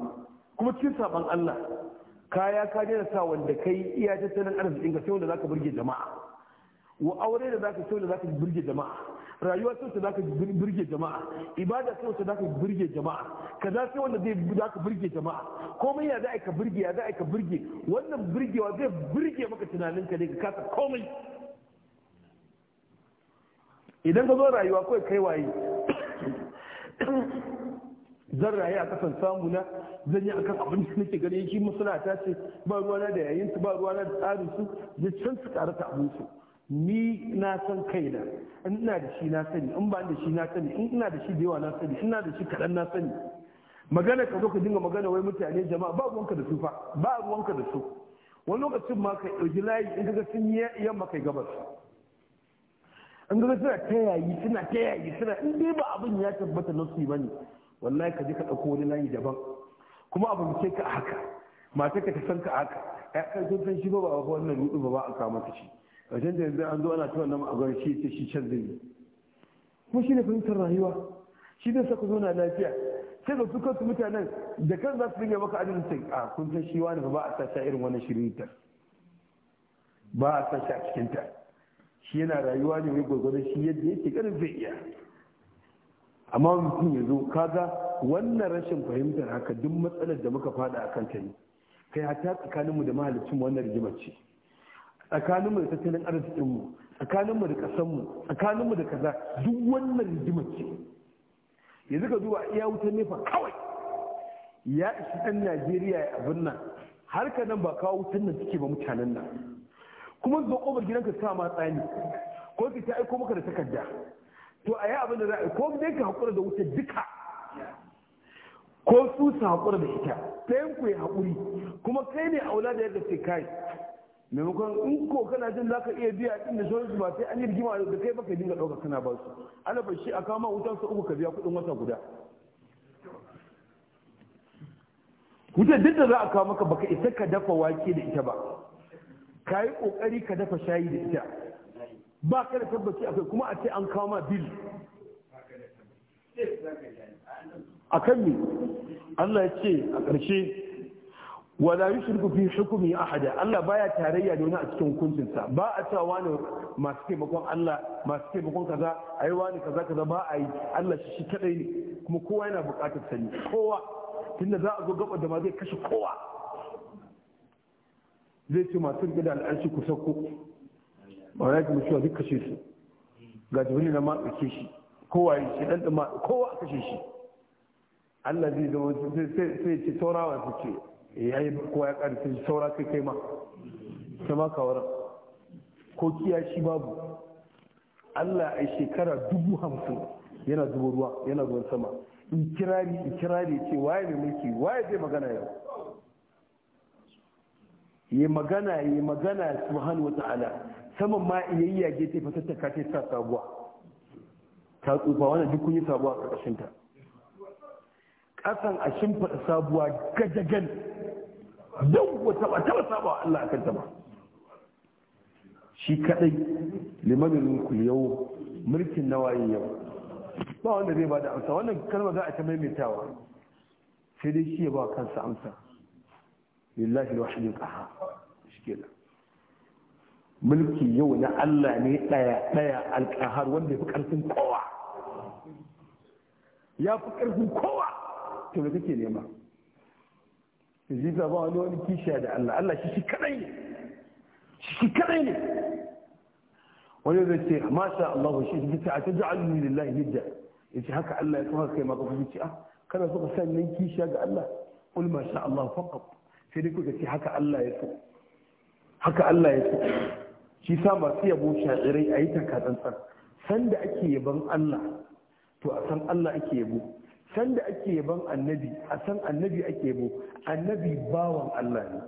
B: kuma cikin saban Allah kaya ka daina sa wanda kai iya tattalin arzikin ka sai wanda zaka burge jama'a wa aure da zaka sai wanda zaka burge jama'a rayuwa sai wanda zaka burge jama'a ibada sai wanda zaka burge jama'a kaza sai wanda zai zaka burge jama'a komai ya za ka burge ya za ka burge wannan burgewa zai burge maka tunaninka ne ka kasa komai idan ka zo rayuwa kawai kai waye zan rayu a kasan samuna zan yi a kan abin da nake gani shi masana'ata ce ba ruwana da yayin su ba ruwana da tsarin su da can su karata abin su ni na san kaina in ina da shi na sani in ba da shi na sani in ina da shi da yawa na sani in ina da shi kaɗan na sani magana ka zo ka dinga magana wai mutane jama'a ba ruwanka da su fa ba ruwanka da su wani lokacin ma ka ɗauki layi in ka ga sun yi yamma kai gabas an gaba suna ta yayi suna ta yayi suna in dai ba abin ya tabbata na su bane wallahi ka je ka ɗauko wani layi daban kuma abu ce ka a haka mata ka ta san ka haka ya kai sun san shi ba ba wannan rudu ba ba a kawo mata shi wajen da yanzu an zo ana ta wannan magana shi ce shi can zai yi kuma shi ne fahimtar rayuwa shi ne saka zauna lafiya sai da su kansu mutanen da kan za su dinga maka adalin sai a ah, kun san shi wani ba a sa irin wannan shirin ta ba a sa a cikin ta shi yana rayuwa ne mai gwagwada shi yadda yake ganin zai iya amma mutum ya zo kaga wannan rashin fahimtar haka duk matsalar da muka fada a kanta ne kai hata tsakaninmu da mahalicin wannan rigimar ce tsakaninmu da tattalin arzikinmu tsakaninmu da kasanmu, tsakaninmu da kaza duk wannan rigimar ce yanzu ka duba iya wutar nefa kawai ya isi ɗan najeriya ya abin nan harka nan ba kawo wutar nan suke ba mutanen nan kuma zo ƙofar gidanka sa ma tsani ko ki ta aiko maka da takarda to a yi abin da za a yi ko dai ka haƙura da wuta duka ko su su haƙura da ita yin ku ya haƙuri kuma kai ne a wula da yadda sai kai maimakon in ko kana jin za ka iya biya ɗin da sauransu ba sai an yi rigima da kai baka dinga ɗauka kana ba su Ana shi a kama wutan su uku ka biya kuɗin wata guda wutar duk da za a kawo maka baka isa ka dafa wake da ita ba ka yi ƙoƙari ka dafa shayi da ita ba ka da tabbaci akwai kuma a ce an kawo ma bil a kan me Allah ya ce a ƙarshe wala yushriku fi hukmi ahada Allah baya tarayya da wani a cikin hukuncinsa ba a cewa wani masu taimakon Allah masu taimakon kaza ai wani kaza kaza ba a yi Allah shi kadai ne kuma kowa yana bukatar sani kowa tunda za a zo gaba da ma zai kashe kowa zai ce masu rike da al'arci ku sauko Ba na ki mutuwa duk kashe su ga jibril na ma ɗauke shi kowa ya ce ɗan ɗama kowa a kashe shi allah zai zama sai ce saura wa su ce eh, ya yi kowa ya ƙarfi saura kai kai ma ta maka kawar ko kiya shi babu allah a shekara dubu hamsin yana zuba ruwa yana ruwan sama in kirari in kirari ce waye mai mulki waye zai magana yau yi magana yi magana subhanahu wa ta'ala saman ma iyayya ge ta fata ta kace ta sabuwa ta tsufa wanda duk kun yi sabuwa a ƙarƙashin ta ƙasan a shimfiɗa sabuwa gajagen, don wata ba ta sabuwa Allah akan ta ba shi kaɗai limanin ku yau mulkin nawayi yau ba wanda zai ba da amsa wannan kalma za a ta maimaitawa sai dai shi ya ba kansa amsa لله الوحيد القها مشكله ملكي يونا الله ني دايا دايا القهار وندي فكرتن قوا يا فكرتن قوا تو لك كي نيما زي بابا لو ان كي شاد الله الله شي شي كدي شي كدي ني ولو ذكي ما شاء الله شي جت تجعلني لله يدا انت هكا الله يتوكل كي ما بغيتي اه كان فوق ثاني كي شاد الله قل ما شاء الله فقط sai dai kuka ce haka Allah ya so haka Allah ya so shi sa masu yabo sha'irai a yi takatsantsan sanda ake yaban Allah to a san Allah ake yabo sanda ake yaban annabi a san annabi ake yabo annabi bawan Allah ne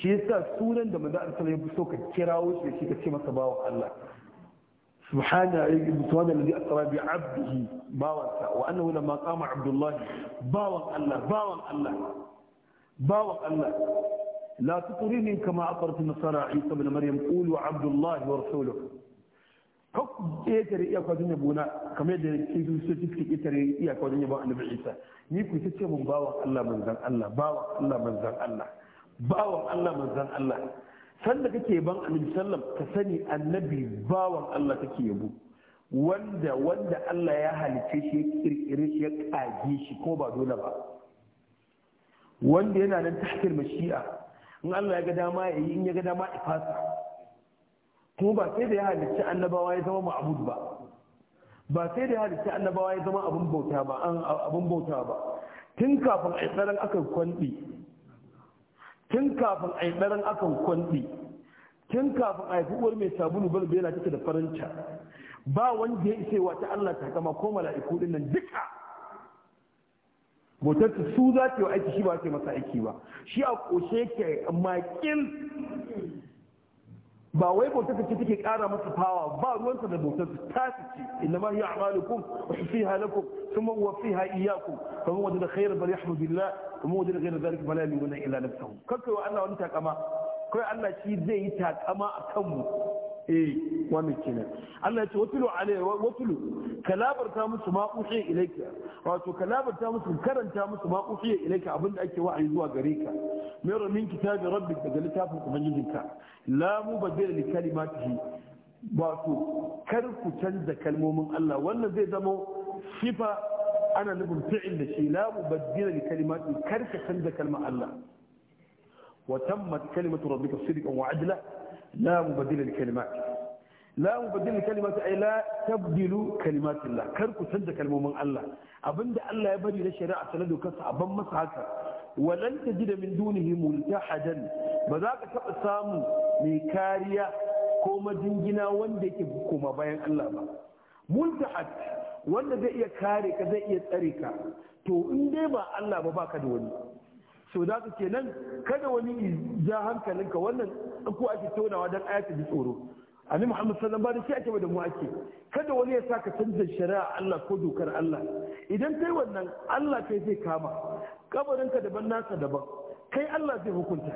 B: shi yasa sunan da manzo Allah ya so ka kirawo shi shi ka ce masa bawan Allah subhana subhana alladhi asra bi abdihi bawan sa wa annahu lamma qama abdullah bawan Allah bawan Allah bawan Allah la tuqrini kama aqartu nasara isa ibn maryam qulu abdullahi wa rasuluhu kakku ƙetare iyaka wajen yabona kamar yadda kiristoci suke ƙetare iyaka wajen yabon annabi isa ni ku ta ce mun bawan allah manzan allah bawan allah manzan allah bawan allah manzan allah sanda kake ban annabi sallam ka sani annabi bawan allah kake yabo wanda wanda allah ya halice shi ya kirkire shi ya ƙage shi ko ba dole ba wanda yana nan ta hakar mashi'a in Allah ya ga dama ya yi in ya ga dama ya fasa kuma ba sai da ya halicci annabawa ya zama ma'abud ba ba sai da ya halicci annabawa ya zama abin bauta ba abin bauta ba tun kafin a tsaron akan kwanɗi tun kafin a tsaron akan kwanɗi tun kafin a yi uwar mai sabulu bai yana take da faranta ba wanda ya isewa ta Allah ta kama ko mala'iku dinnan duka bautar su za ta yi aiki shi ba ta masa aiki ba shi a ƙoshe yake makin ba wai bautar ta ce take ƙara masa fawa ba ruwansa da bautar ta ta ce inna ma hiya a'malukum wa fiha lakum thumma wa fiha iyyakum fa man wajada khayran falyahmadillah wa man wajada ghayra dhalika fala yuminna illa nafsuhu kakkai wa Allah wani takama kai Allah shi zai yi takama a kanmu. eh wannan kenan Allah ya ce watulu alai watulu kalabarta musu ma uhiya ilayka wato kalabarta musu karanta musu ma uhiya ilayka abinda ake wa'ayi zuwa gare ka mero min kitabi rabbik daga littafin ubangijinka la mubaddil li kalimatihi wato kar ku canza kalmomin Allah wannan zai zama sifa ana nufin fi'il da shi la mubaddil li kalimatihi kar ka canza kalmar Allah wa tammat kalimatu rabbika sidqan wa adla la mubaddila kalimat la mubaddila kalimat ay la tabdilu kalimatillah kar ku da kalmomin Allah abinda Allah ya bari na shari'a sanadu kansa a ban masa haka walan tajida min dunihi multahadan ba za ka taɓa samu mai kariya ko majingina wanda yake koma bayan Allah ba multahad wanda zai iya kare ka zai iya tsare ka to in dai ba Allah ba baka da wani so su kenan kada wani ja hankalinka wannan ko ake tonawa dan aya ta ji tsoro annabi Muhammad sallallahu alaihi wasallam ba da shi ake da mu ake kada wani ya saka canza shari'a Allah ko dokar Allah idan kai wannan Allah kai zai kama kabarinka daban nasa daban kai Allah zai hukunta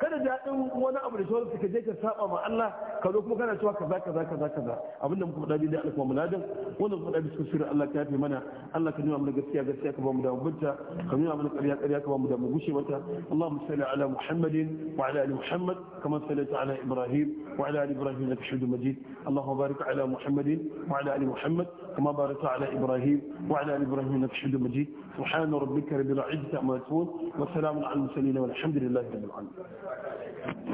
B: kada daɗin wani abu da shawarar ka je ka saba ma Allah ka zo kuma kana cewa kaza kaza kaza kaza abinda muka faɗa daidai alƙawar muladin wanda muka faɗa bisa sirrin Allah ka yafe mana Allah ka nuna mana gaskiya gaskiya ka ba mu da bunta ka nuna mana ƙarya ƙarya ka ba mu da mu gushe mata Allahumma salli ala Muhammadin wa ala ali Muhammad kama sallaita ala Ibrahim wa ala ali Ibrahim innaka Hamidum Majid Allahumma barik ala Muhammadin wa ala ali Muhammad kama barakta ala Ibrahim wa ala ali Ibrahim na Hamidum Majid سبحان ربك رب العزة عما يصفون وسلام على المرسلين والحمد لله رب العالمين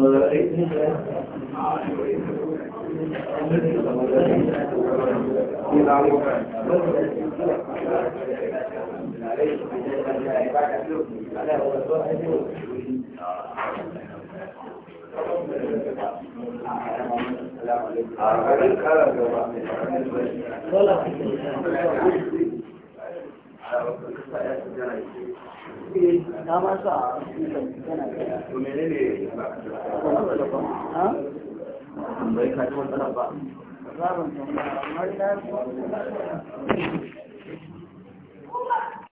B: a garin kara gaba
A: dama sa a yana to mene ne ha? bai kaji matsala ba zaɓin